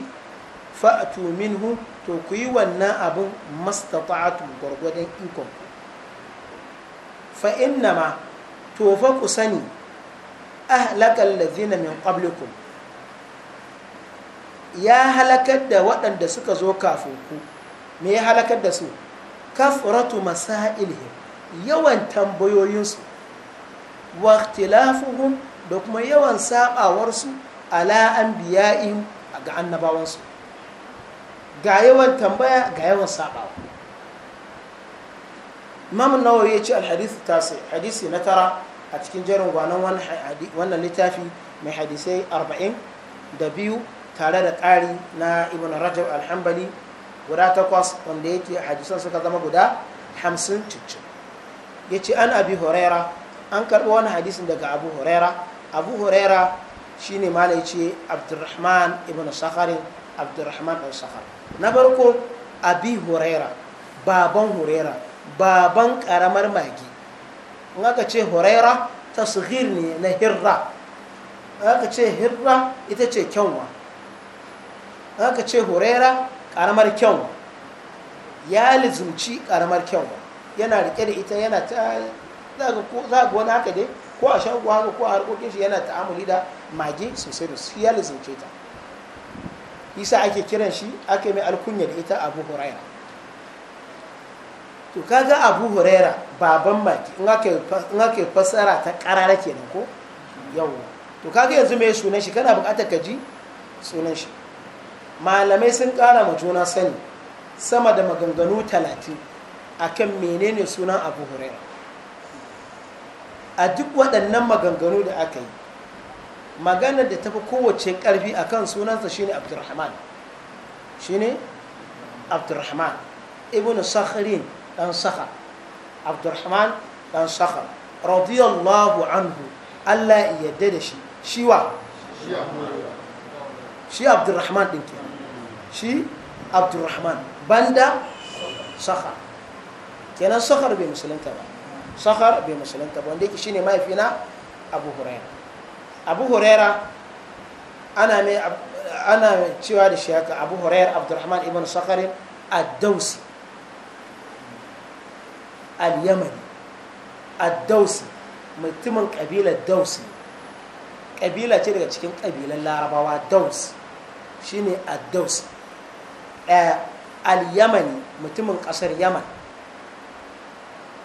fa'atu minhu to ku yi wannan abin mastata'atu gwargwadon ikon fa'in na ma to fa ku sani ahlakal lazina min qablikum ya halakar da waɗanda suka zo kafin ku me ya halakar da su kafratu masailihim yawan tambayoyinsu wa da kuma yawan saɓawarsu ala an biya biya'in ga annabawansu ga yawan tambaya ga yawan saɓawa mamun nawar ya ce alhadisi sai hadisi na tara a cikin jerin gwanon wannan littafi mai hadisai arba'in da biyu tare da ƙari na ibn rajab alhambali guda takwas wanda yake hadisan suka zama guda hamsin cikin ya ce an abi horera an karɓi wani hadisin daga abu horera abu huraira shine malai ce abdurrahman ibn sakharin abdurrahman ibn sakhar na farko abi huraira baban huraira baban karamar magi in aka ce huraira tasghir ne na hirra in aka ce hirra ita ce kyanwa in aka ce huraira karamar kyanwa ya lizumci karamar kyanwa yana rike da ita yana ta za ga haka dai ko a shago haka ko a harkokin shi yana ta'amuli da mage sosai da su ya lizince ta isa ake kiran shi ake mai alkunya da ita abu huraira to kaga abu huraira baban mage in aka fassara ta karara kenan ko yawon to kaga yanzu mai sunan shi kana bukatar ka ji sunan shi malamai sun kara ma juna sani sama da maganganu talatin akan menene sunan abu huraira a duk waɗannan maganganu da aka yi maganar da tafi kowace ƙarfi a kan sunansa ne abdurrahman ne abdurrahman ibn sakharin ɗan sakhar abdurrahman ɗan sakhar radiyallahu anhu allah yadda da shi wa. shi abdurrahman ɗin ke shi abdurrahman banda sakhar kenan sakhar bai musulunta ba sahar bai musulunta ba wanda yake shine na abu huraira abu huraira ana mai ana cewa da shi haka abu huraira abdurrahman ibn sakharin ad dawsi al-yamani ad dawsi mutumin kabilar dawsi kabila ce daga cikin kabilan larabawa daus shine ad dawsi eh, al-yamani mutumin kasar yaman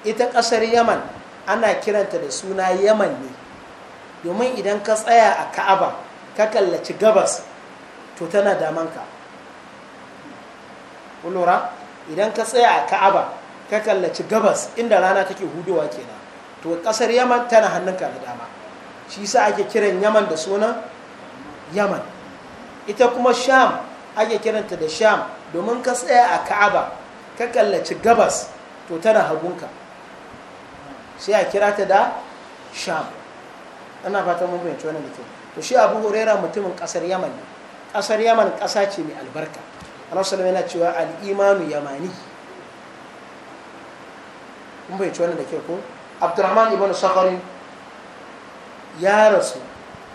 ita kasar yaman ana kiranta da suna yaman ne domin idan ka tsaya a ka'aba ka kallaci gabas to tana damanka ƙulura idan ka tsaya a ka'aba ka kallaci gabas inda rana take hudowa kenan to kasar yaman tana hannunka da dama shi sa ake kiran yaman da suna yaman ita kuma sham ake kiranta da sham domin ka tsaya a ka'aba ka kallaci gabas to tana hagunka sai a kira ta da sham ana fata mun fahimci wannan da to shi abu huraira mutumin kasar yaman ne kasar yaman kasa ce mai albarka annabi sallallahu yana cewa al-imanu yamani mun fahimci wannan da ke ko abdurrahman ibn sakharin ya rasu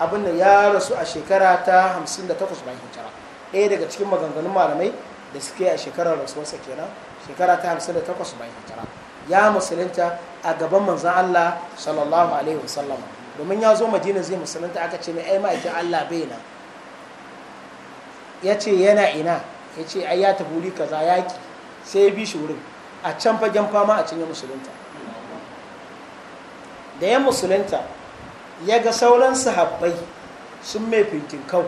abinda ya rasu a shekara ta 58 bayan hijira ɗaya daga cikin maganganun malamai da suke a shekarar rasuwarsa kenan shekara ta 58 bayan hijira ya musulunta a gaban manzan Allah sallallahu alaihi wasallam domin ya zo madina zai musulunta aka ce mai ai ma'aikin Allah bai na ya ce yana ina ya ce ai ya tafi wuri kaza yaki sai ya bi shi wurin a can fagen fama a cinye musulunta da ya musulunta ya ga sauran sahabbai sun mai fintin kau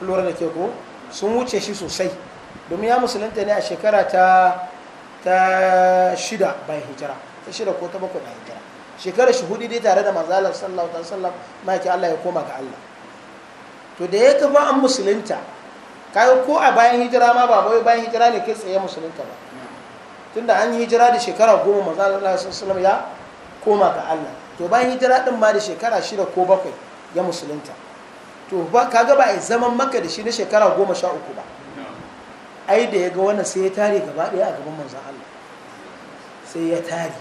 lura da ke ko sun wuce shi sosai domin ya musulunta ne a shekara ta ta shida bai hijira ta shida ko ta bakwai bai hijira shekara shi hudu dai tare da manzalar sallallahu alaihi wasallam maki Allah ya koma ga Allah to da ya kafa an musulunta kayan ko a bayan hijira ma ba bai bayan hijira ne kai tsaye musulunta ba tunda an yi hijira da shekara goma manzalar sallallahu alaihi wasallam ya koma ga Allah to bayan hijira din ma da shekara shida ko bakwai ya musulunta to ba kaga ba a zaman maka da shi na shekara goma sha uku ba ai da ya ga wannan sai ya tare gaba ɗaya a gaban manzan Allah sai ya tare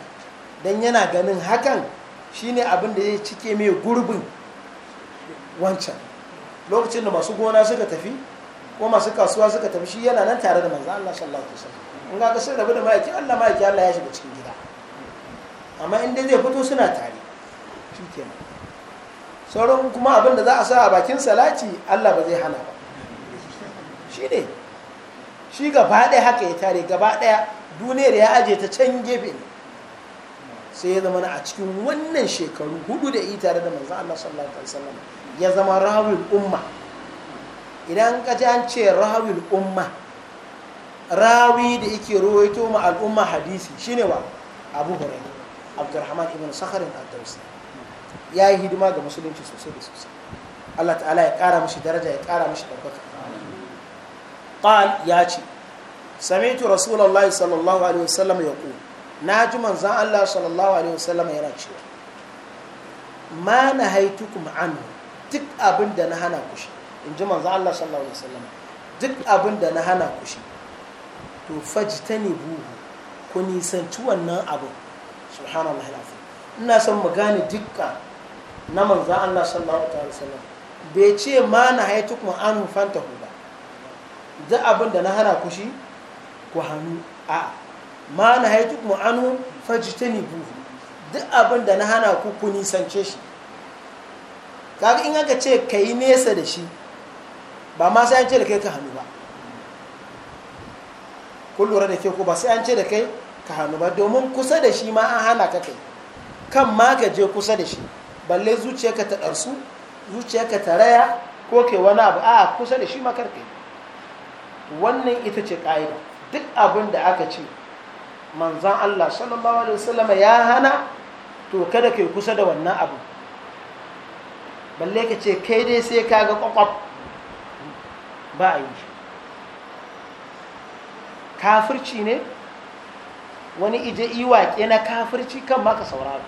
don yana ganin hakan shine abin da ya cike mai gurbin wancan lokacin da masu gona suka tafi ko masu kasuwa suka tafi shi yana nan tare da manzan Allah sallallahu alaihi wasallam in ga sai rabu da ma'aiki Allah ma'aiki Allah ya shiga cikin gida amma in dai zai fito suna tare shi sauran kuma abin da za a sa a bakin salati Allah ba zai hana ba shi ne shi gaba ɗaya haka ya tare gaba ɗaya duniyar ya aje ta can gefe ne sai ya zama a cikin wannan shekaru hudu da ita tare da manzan Allah sallallahu alaihi wasallam ya zama rahawil umma idan ka ji an ce rahawil umma rawi da yake rawaito ma al'umma hadisi shine wa Abu Hurairah Abdurrahman ibn Sakharin ad ya yi hidima ga musulunci sosai da sosai Allah ta'ala ya kara mishi daraja ya kara mishi ɗaukaka qal ya ce sami'tu rasulullahi sallallahu alaihi wasallam yaqul na ji manzon Allah sallallahu alaihi wasallam yana cewa ma nahaitukum anhu duk abin da na hana kushi, in ji manzon Allah sallallahu alaihi wasallam duk abin da na hana ku shi to fajtani buhu ku nisanci wannan abin subhanallah alazim ina son mu gane dukkan na manzon Allah sallallahu alaihi wasallam bai ce ma na haitu kuma an fantahu duk abin da na hana ku shi ku hannu a ma na haitu mu fajita ne buhu duk abin da na hana ku ku nisance shi kaga in aka ce ka yi nesa da shi ba ma sai an ce da kai ka hannu ba ku lura da ke ku ba sai an ce da kai ka hannu ba domin kusa da shi ma an hana ka kai kan ma ka je kusa da shi balle zuciyarka ta ɗarsu zuciyarka ta raya ko ke wani abu a kusa da shi ma karkai. wannan ita ce ƙa'ida duk abin da aka ce manzan Allah sallallahu alaihi wasallam ya hana to kada kai kusa da wannan abu balle ka ce kai dai sai ka ga kwakwaf ba a yi kafirci ne wani ije iwaƙe na kafirci kan ma saurara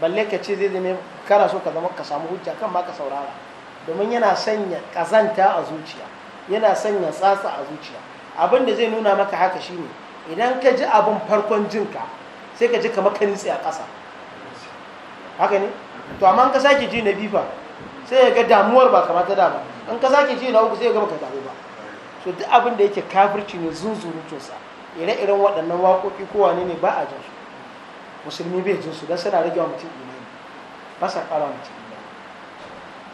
balle ka ce zai zama kana so ka zama ka samu hujja kan ma saurara domin yana sanya ƙazanta a zuciya yana sanya tsatsa a zuciya abin da zai nuna maka haka shine idan ka ji abin farkon jinka sai ka ji kamar ka nitsi a ƙasa haka ne to amma ka sake ji na bifa sai ya ga damuwar ba kamar ta dama in ka sake ji na uku sai ya gama ka damu ba so duk abin da yake kafirci ne zunzurutunsa ire-iren waɗannan waƙoƙi kowa ne ne ba a jin su musulmi bai jin su don suna rage wa mutum imani ba sa ƙara mutum imani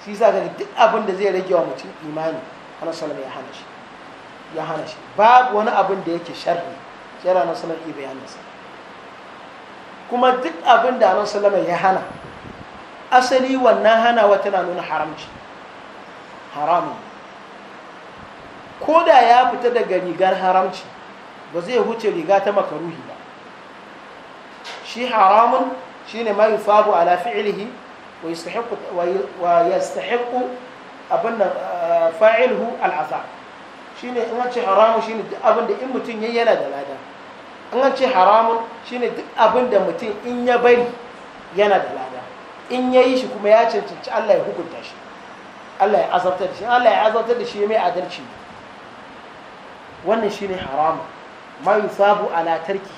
shi sa ga duk abin da zai rage wa mutum imani ana salama ya hana shi ya hana shi babu wani abin da yake sharri sai ranar salama ya bayanin sa kuma duk abin da ranar salama ya hana asali wannan wata na nuna haramci haramun ko da ya fita daga rigar haramci ba zai huce riga ta makaruhi ba shi haramun shine ma a ala fi'lihi wa yastahiqu abin eh, fa'ilhu al'asa ne in an ce haramun ne duk abin da in mutum yayi yana da lada in an ce haramun ne duk abin da mutum in ya bari yana da lada in ya yi shi kuma ya cancanci Allah ya hukunta shi Allah ya azabtar da shi Allah ya azabtar da shi mai adalci wannan shi ne haramun ma sabu ala tarki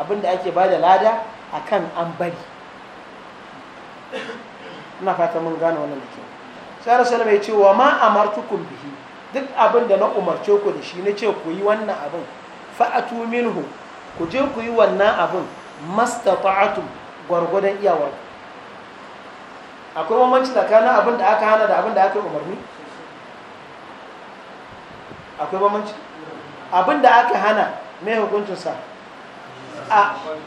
abin da ake bada lada akan an bari ina fata mun gane wannan da kyau sai rasulullah mai ce wa ma martukun bihi duk abin da na umarce ku da shi na ce ku yi wannan abin fa'atu minhu ku je ku yi wannan abin mastata'atum gwargwadon iyawar akwai bambanci tsakanin abin da aka hana da abin da aka yi umarni akwai bambanci abin da aka hana mai hukuncinsa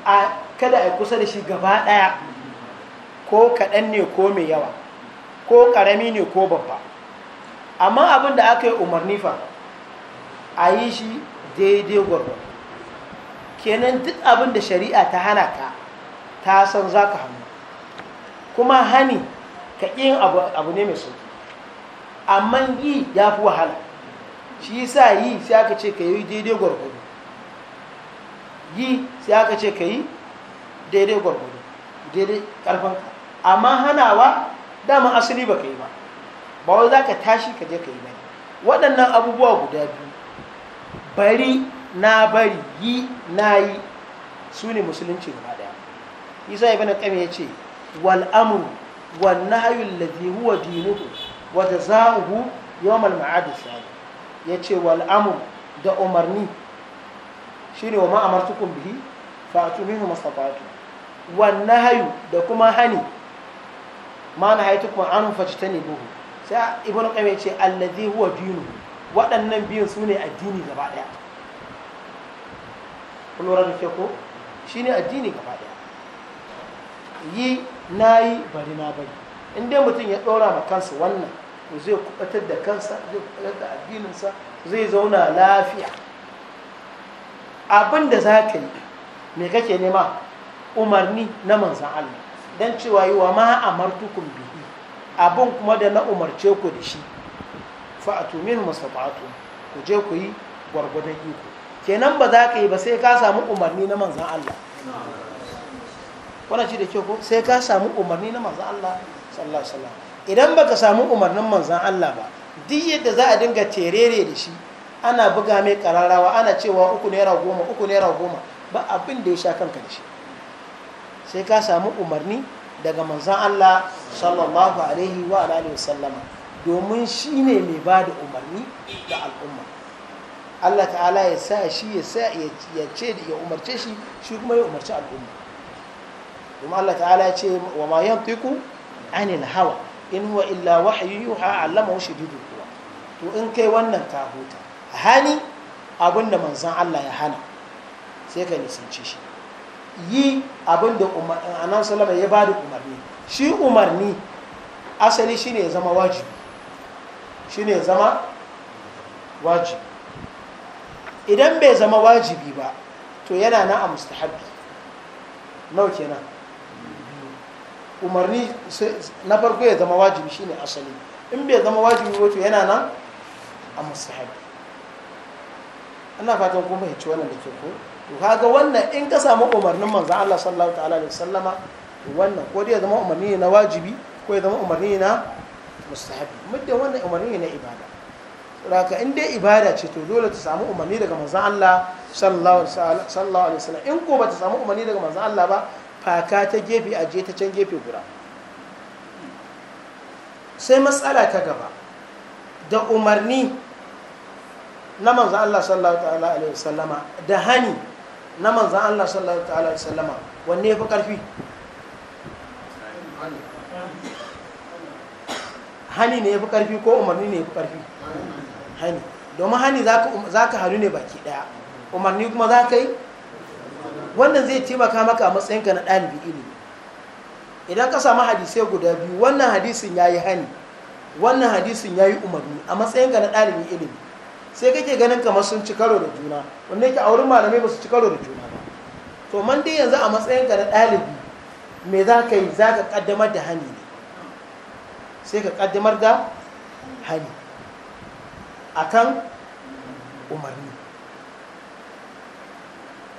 a kada a kusa da shi gaba daya ko kaɗan ne ko mai yawa ko ƙarami ne ko babba amma abin da aka yi umarni fa a yi shi daidai gwargwado kenan duk abin da shari'a ta hana ka ta san za ka hannu kuma hani ka yin abu ne mai sauki amma yi ya fi wahala shi sa yi sai aka ce ka yi daidai gwargwado yi sai aka ce ka yi daidai gwargwado daidai karfinka amma hanawa dama asali ba ka yi ba ba wai za ka tashi ka je ka yi bane waɗannan abubuwa guda biyu bari na bari yi na yi su ne musulunci gaba ɗaya isa ibn qayyim ya ce wal amru wan nahyu alladhi huwa dinuhu wa jazaohu yawm al ma'ad yace wal amru da umarni shine wa ma bihi fa'tu minhu mastata'tu wan nahyu da kuma hani ma na haitukum ne buhu sai ibnu qayyim ya ce allazi huwa dinu waɗannan biyun su ne addini gaba ɗaya kun lura da ke ko shi ne addini gaba ɗaya yi na yi bari na bari inda mutum ya ɗora ma kansa wannan to zai kubatar da kansa zai kubatar da addininsa zai zauna lafiya abin da za ka yi me kake nema umarni na manzan Allah don cewa yi wa ma amartukum bihi abin kuma da na umarce ku da shi fa atumin mustata'atu ku je ku yi gwargwadon iko kenan ba za ka yi ba sai ka samu umarni na manzan Allah wannan shi da kyau sai ka samu umarni na manzan Allah sallallahu alaihi wasallam idan baka samu umarnin manzan Allah ba duk yadda za a dinga terere da shi ana buga mai kararawa ana cewa uku naira goma uku naira goma ba abin da ya sha kanka da shi sai ka samu umarni daga manzan Allah sallallahu alaihi wa alihi wasallama domin shi ne mai ba da umarni ga al'umma Allah ta'ala ya sa shi ya sa ya ce ya umarce shi shi kuma ya umarci al'umma domin Allah ta'ala ya ce wa ma yantiku anil hawa in huwa illa wahyu yuha wa shadidul kuwa. to in kai wannan ka huta hani abinda manzan Allah ya hana sai ka nisanci shi yi abin da anan salama ya ba da umarni shi umarni asali shine ya zama wajibi shine ya zama wajibi idan bai zama wajibi ba to yana na a mustahabbi nau kenan umarni na farko ya zama wajibi shine asali in bai zama wajibi ba to yana na a mustahabi ana fatan kuma ya ci wannan da ke ko to kaga wannan in ka samu umarnin manzo Allah sallallahu ta'ala alaihi wasallama wannan ko dai ya zama umarni ne na wajibi ko ya zama umarni ne na mustahab muddin wannan umarni ne na ibada raka in dai ibada ce to dole ta samu umarni daga manzan Allah sallallahu alaihi wasallam in ko ba ta samu umarni daga manzan Allah ba faka ta gefe a je ta can gefe guda sai matsala ta gaba da umarni na manzo Allah sallallahu alaihi wasallama da hani na manzan Allah sallallahu alaihi wasallama wanne ya fi ƙarfi hani ne ya fi ƙarfi ko umarni ne ya fi ƙarfi hani domin hani za um, ka hannu ne baki ɗaya umarni kuma za ka yi wannan zai taimaka maka a matsayinka na ɗalibi ilimi idan ka samu hadisai guda biyu wannan hadisin ya yi hani wannan hadisin ya yi umarni a matsayinka na dalibi ilimi sai kake ganin kamar sun ci karo da juna wanda yake a wurin malamai ba su ci karo da juna ba to man dai yanzu a matsayinka na ɗalibi me za ka yi za ka ƙaddamar da hani ne sai ka ƙaddamar da hani a kan umarni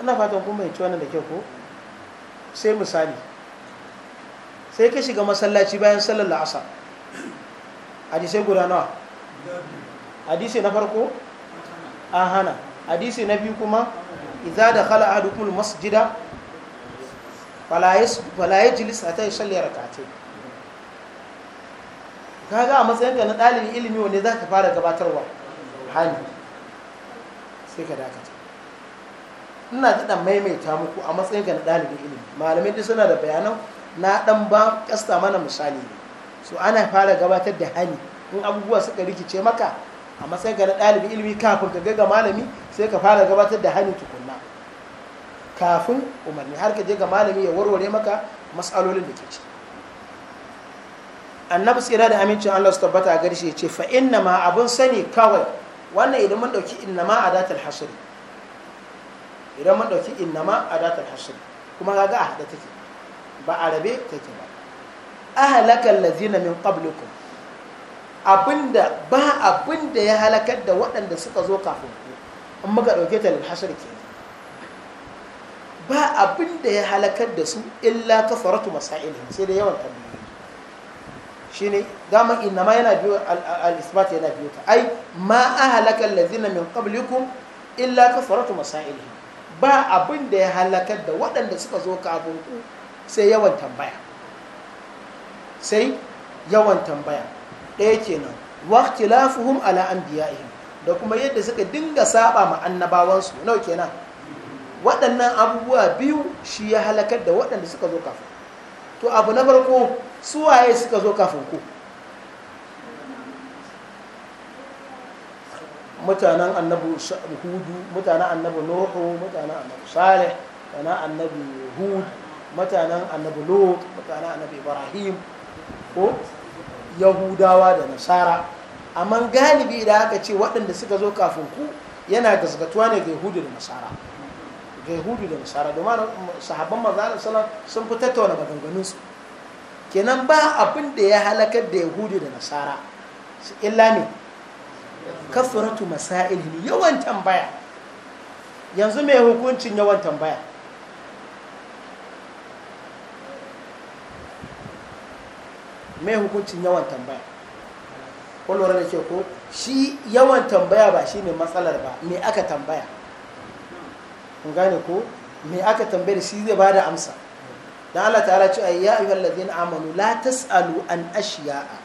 ana fatan kuma ya ci wannan da kyau ko sai misali sai ka shiga masallaci bayan sallar la'asar hadisai guda nawa hadisai na farko an hana hadisi na biyu kuma idza da khala ahadukum masjida fala yajlis hatta yusalli rak'atayn kaga a matsayin ka na dalibin ilimi wanda zaka fara gabatarwa hani sai ka dakata ina ji dan maimaita muku a matsayin ka na dalibin ilimi malamai duk suna da bayanan na dan ba kasta mana misali ne so ana fara gabatar da hani in abubuwa suka rikice maka a matsayin ga na ɗalibi ilimi kafin ka ga malami sai ka fara gabatar da hannun tukunna kafin umarni har ka je ga malami ya warware maka matsalolin da ke ci annabi tsira da amincin Allah su tabbata a garshe ce fa inna ma abun sani kawai wannan idan mun dauki inna ma adatul hasiri idan mun dauki inna ma adatul hasiri kuma ga a hada take ba a rabe take ba ahlaka lazina min qablikum abinda ba abinda ya halakar da waɗanda suka zo kafin ku an maka ɗauke ta lalhasar ke ba abinda ya halakar da su illa ka kafaratu masailihim sai da yawan tambayoyi ne dama ina ma yana biyo al-isbat yana biyo ta ai ma a halakar alladhina min qablikum illa ka kafaratu masailihim ba abinda da ya halakar da waɗanda suka zo kafin ku sai yawan tambaya sai yawan tambaya ɗaya kenan lafuhum ala anbiya'ihim da kuma yadda suka dinga saba ma annabawansu nawa kenan waɗannan abubuwa biyu shi ya halakar da waɗanda suka zo kafin to abu na farko suwaye suka zo kafin ku mutanen annabi hudu mutanen annabi nuhu mutanen annabi salih mutanen annabi hud mutanen annabi lot mutanen annabi ibrahim ko yahudawa da nasara amma galibi da aka ce waɗanda suka zo kafin ku yana gasgatuwa ne ga yahudu da nasara ga yahudu da nasara domin sahabban manzo salam sun fi tattauna maganganunsu kenan ba abin da ya halakar da yahudu da nasara su ne kasuratu masail yawan tambaya yanzu mai hukuncin yawan tambaya mai hukuncin yawan tambaya ko lura da ke ko shi yawan tambaya ba shi ne matsalar ba me aka tambaya kun gane ko me aka tambayar shi zai ba da amsa dan Allah ta'ala ce ya ayyuhal ladina amanu la tasalu an ashiya'a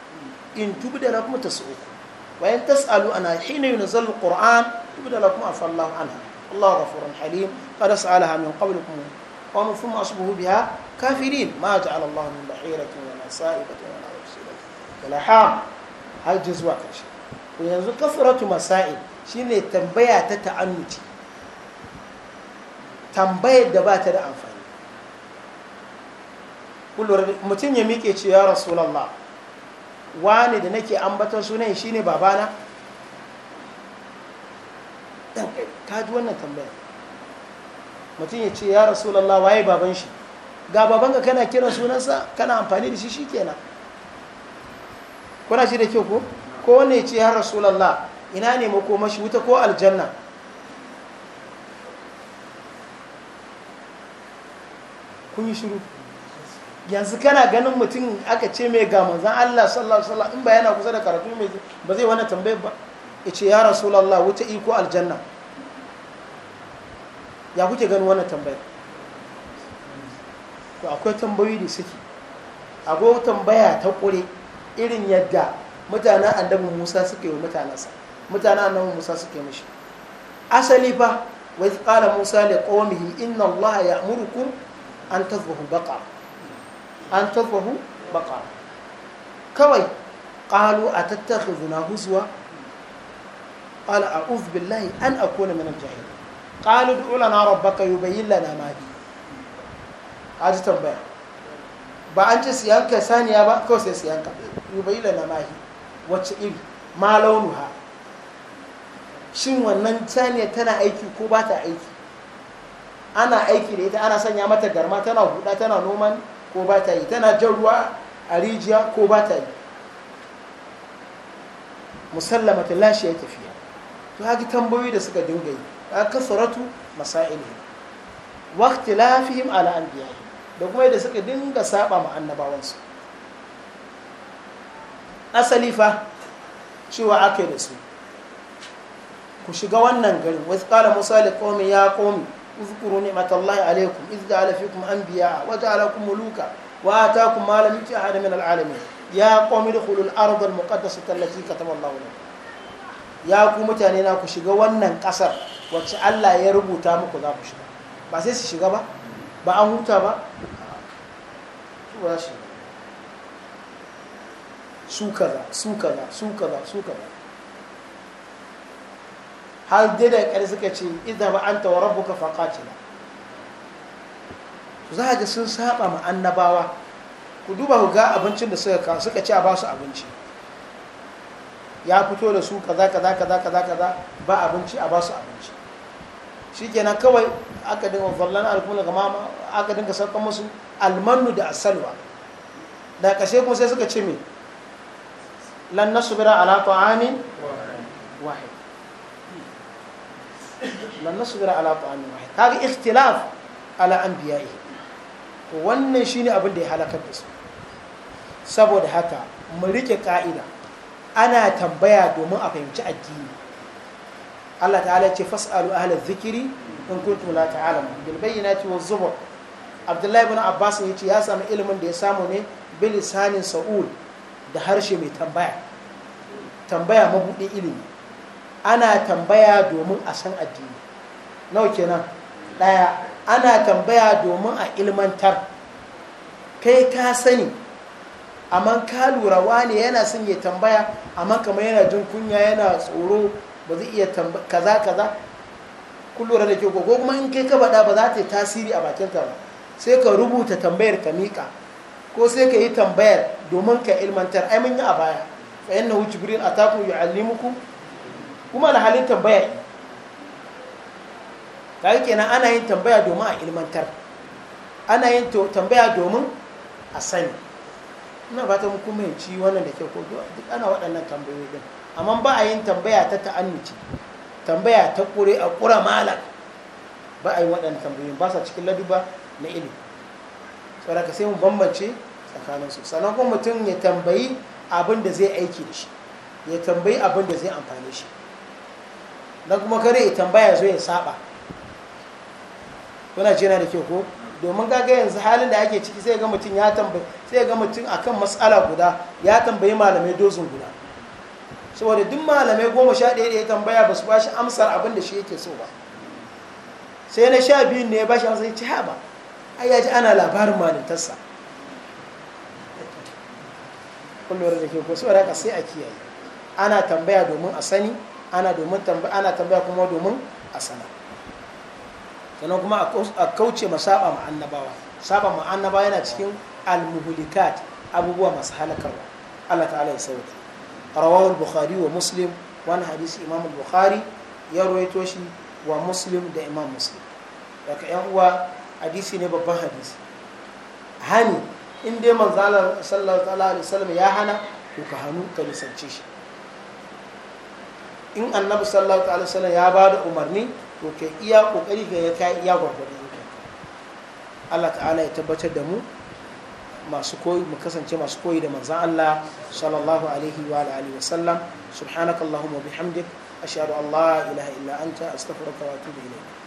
in da tubda lakum tas'uku wa in tasalu an hina yunzal alquran tubda lakum afallahu anha Allah ghafurun halim wani sa'alaha min qablikum قوم ثم أصبحوا بها كافرين ما جعل الله من بحيرة ولا سائبة da har jin zuwa ƙarshe to yanzu kasratu masail shine tambaya ta ta'annuci tambayar da ba ta da amfani mutum ya miƙe ce ya rasulallah wani da nake ambaton sunan shine babana dan kaji wannan tambaya mutum ya ce ya rasulallah waye baban shi ga ka kana kiran sunansa kana amfani da shi shikenan kuna shi da kyau ko ko wanne ya ce ya rasulallah ina ne makomashi wuta ko aljanna kun yi shiru yanzu kana ganin mutum aka ce mai ga zan Allah sallallahu ala'uwa in ba yana kusa da karatu mai ba zai wani tambayar ba ya ce ya rasulallah wuta iko aljanna ya kuke ganin wannan tambayar to akwai tambayoyi da suke akwai tambaya ta kure irin yadda mutanen annabi musa suke wa mutanensa mutanen annabi musa suke mishi asali fa wa ƙara musa li qaumihi inna allaha muruku an tadhbahu baqara an tadhbahu baqara kawai a atattakhizuna billahi an أعوذ بالله أن أكون من الجاهلين قالوا ادعوا لنا ربك يبين لنا ما هي هذه tambaya. ba an ce siyanka saniya ba kawai sai siyanka. Yubai da na mahi wacce iri ma launuha shin wannan saniya tana aiki ko ba ta aiki ana aiki da ita ana sanya mata garma tana huda tana noman ko ba ta yi tana jan ruwa a rijiya ko ba ta yi ta lashe ya tafiya to haka tambayoyi da suka dinga yi a kasaratu masailihim wa ikhtilafihim ala da kuma yadda suka dinga saba ma annabawansu asali fa cewa aka da su ku shiga wannan garin wasu kala musa da komi ya komi ne ni'matallahi alaikum iz ja'ala an biya wa ja'ala muluka wa ta kuma lam yuti ahad min al'alamin ya da dukhulul ardh al muqaddasata allati kataba ya ku mutane na ku shiga wannan kasar wacce Allah ya rubuta muku za ku shiga ba sai su shiga ba ba an huta ba shi su kaza su kaza su kaza su kaza har dai da ƙari suka ce idan ba an tawar rabbuka faƙatila za a ga sun saba ma annabawa ku duba ku ga abincin da suka kawo suka ci a basu abinci ya fito da su kaza kaza kaza kaza kaza ba abinci a basu abinci shikenan kawai aka dinga fallan alkuna mama aka dinga sauka musu almanu da asalwa da kashe kuma sai suka ce me lan nasbira ala ta'amin wahid lan nasbira ala ta'amin wahid ga ikhtilaf ala an biya yi wannan shi ne abin da ya halakar da su saboda haka mu rike ka'ida ana tambaya domin a fahimci addini Allah ta'ala ya ce fas'alu ahla zikiri, in kuntum la ta'lamun bil bayyinati wa zubur Abdullahi ibn Abbas ya ce ya samu ilimin da ya samu ne bil sanin sa'ul da harshe mai tambaya tambaya mabudin ilimi ana tambaya domin a san addini nawa kenan ɗaya. ana tambaya domin a ilmantar kai ka sani amma ka lura wani yana son ya tambaya amma kamar yana jin kunya yana tsoro ba zai iya kaza kaza kun lura da kyau ko kuma in kai ka faɗa ba za ta yi tasiri a ka ba sai ka rubuta tambayar ka miƙa ko sai ka yi tambayar domin ka ilmantar ai mun yi a baya fa hu jibril ataku yu'allimuku kuma halin tambaya kaga kenan ana yin tambaya domin a ilmantar ana yin tambaya domin a sani ina fata mu kuma yanci wannan da kyau ko duk ana waɗannan tambayoyi din amma ba a yin tambaya ta ta'annuci tambaya ta kure a ƙura malak ba a yi waɗanda tambayoyin ba sa cikin laduba na ilimi ka sai mu bambance tsakaninsu sannan kuma mutum ya tambayi abin da zai aiki da shi ya tambayi abin da zai amfani shi na kuma kare ya tambaya zo ya saba kuna jina da kyau ko domin gaga yanzu halin da ake ciki sai ga mutum ya tambayi sai ga mutum akan matsala guda ya tambayi malamai dozin guda saboda duk malamai goma sha ɗaya da ya tambaya ba su ba shi amsar abin da shi yake so ba sai na sha biyun ne ya ba shi amsar ya ci haɓa ai ya ji ana labarin malintarsa kullum da ke ko wa raka sai a kiyaye ana tambaya domin a sani ana tambaya kuma domin a sana sannan kuma a kauce ma saba ma annabawa saba ma annabawa yana cikin almuhulikat abubuwa masu halakarwa Allah ta'ala ya sauke rawahu al-bukhari wa muslim wani hadisi imam al-bukhari ya rawaito shi wa muslim da imam muslim daga yan uwa hadisi ne babban hadisi hani in dai manzalar sallallahu alaihi wasallam ya hana to ka hannu ka nisance shi in annabi sallallahu alaihi wasallam ya ba da umarni to ka iya kokari ka ya kai iya gwargwadon Allah ta'ala ya tabbatar da mu masu koyi mu kasance masu koyi da manzan Allah sallallahu alaihi wa alihi wa sallam subhanakallahumma bihamdik ashhadu an la ilaha illa anta astaghfiruka wa atubu ilayk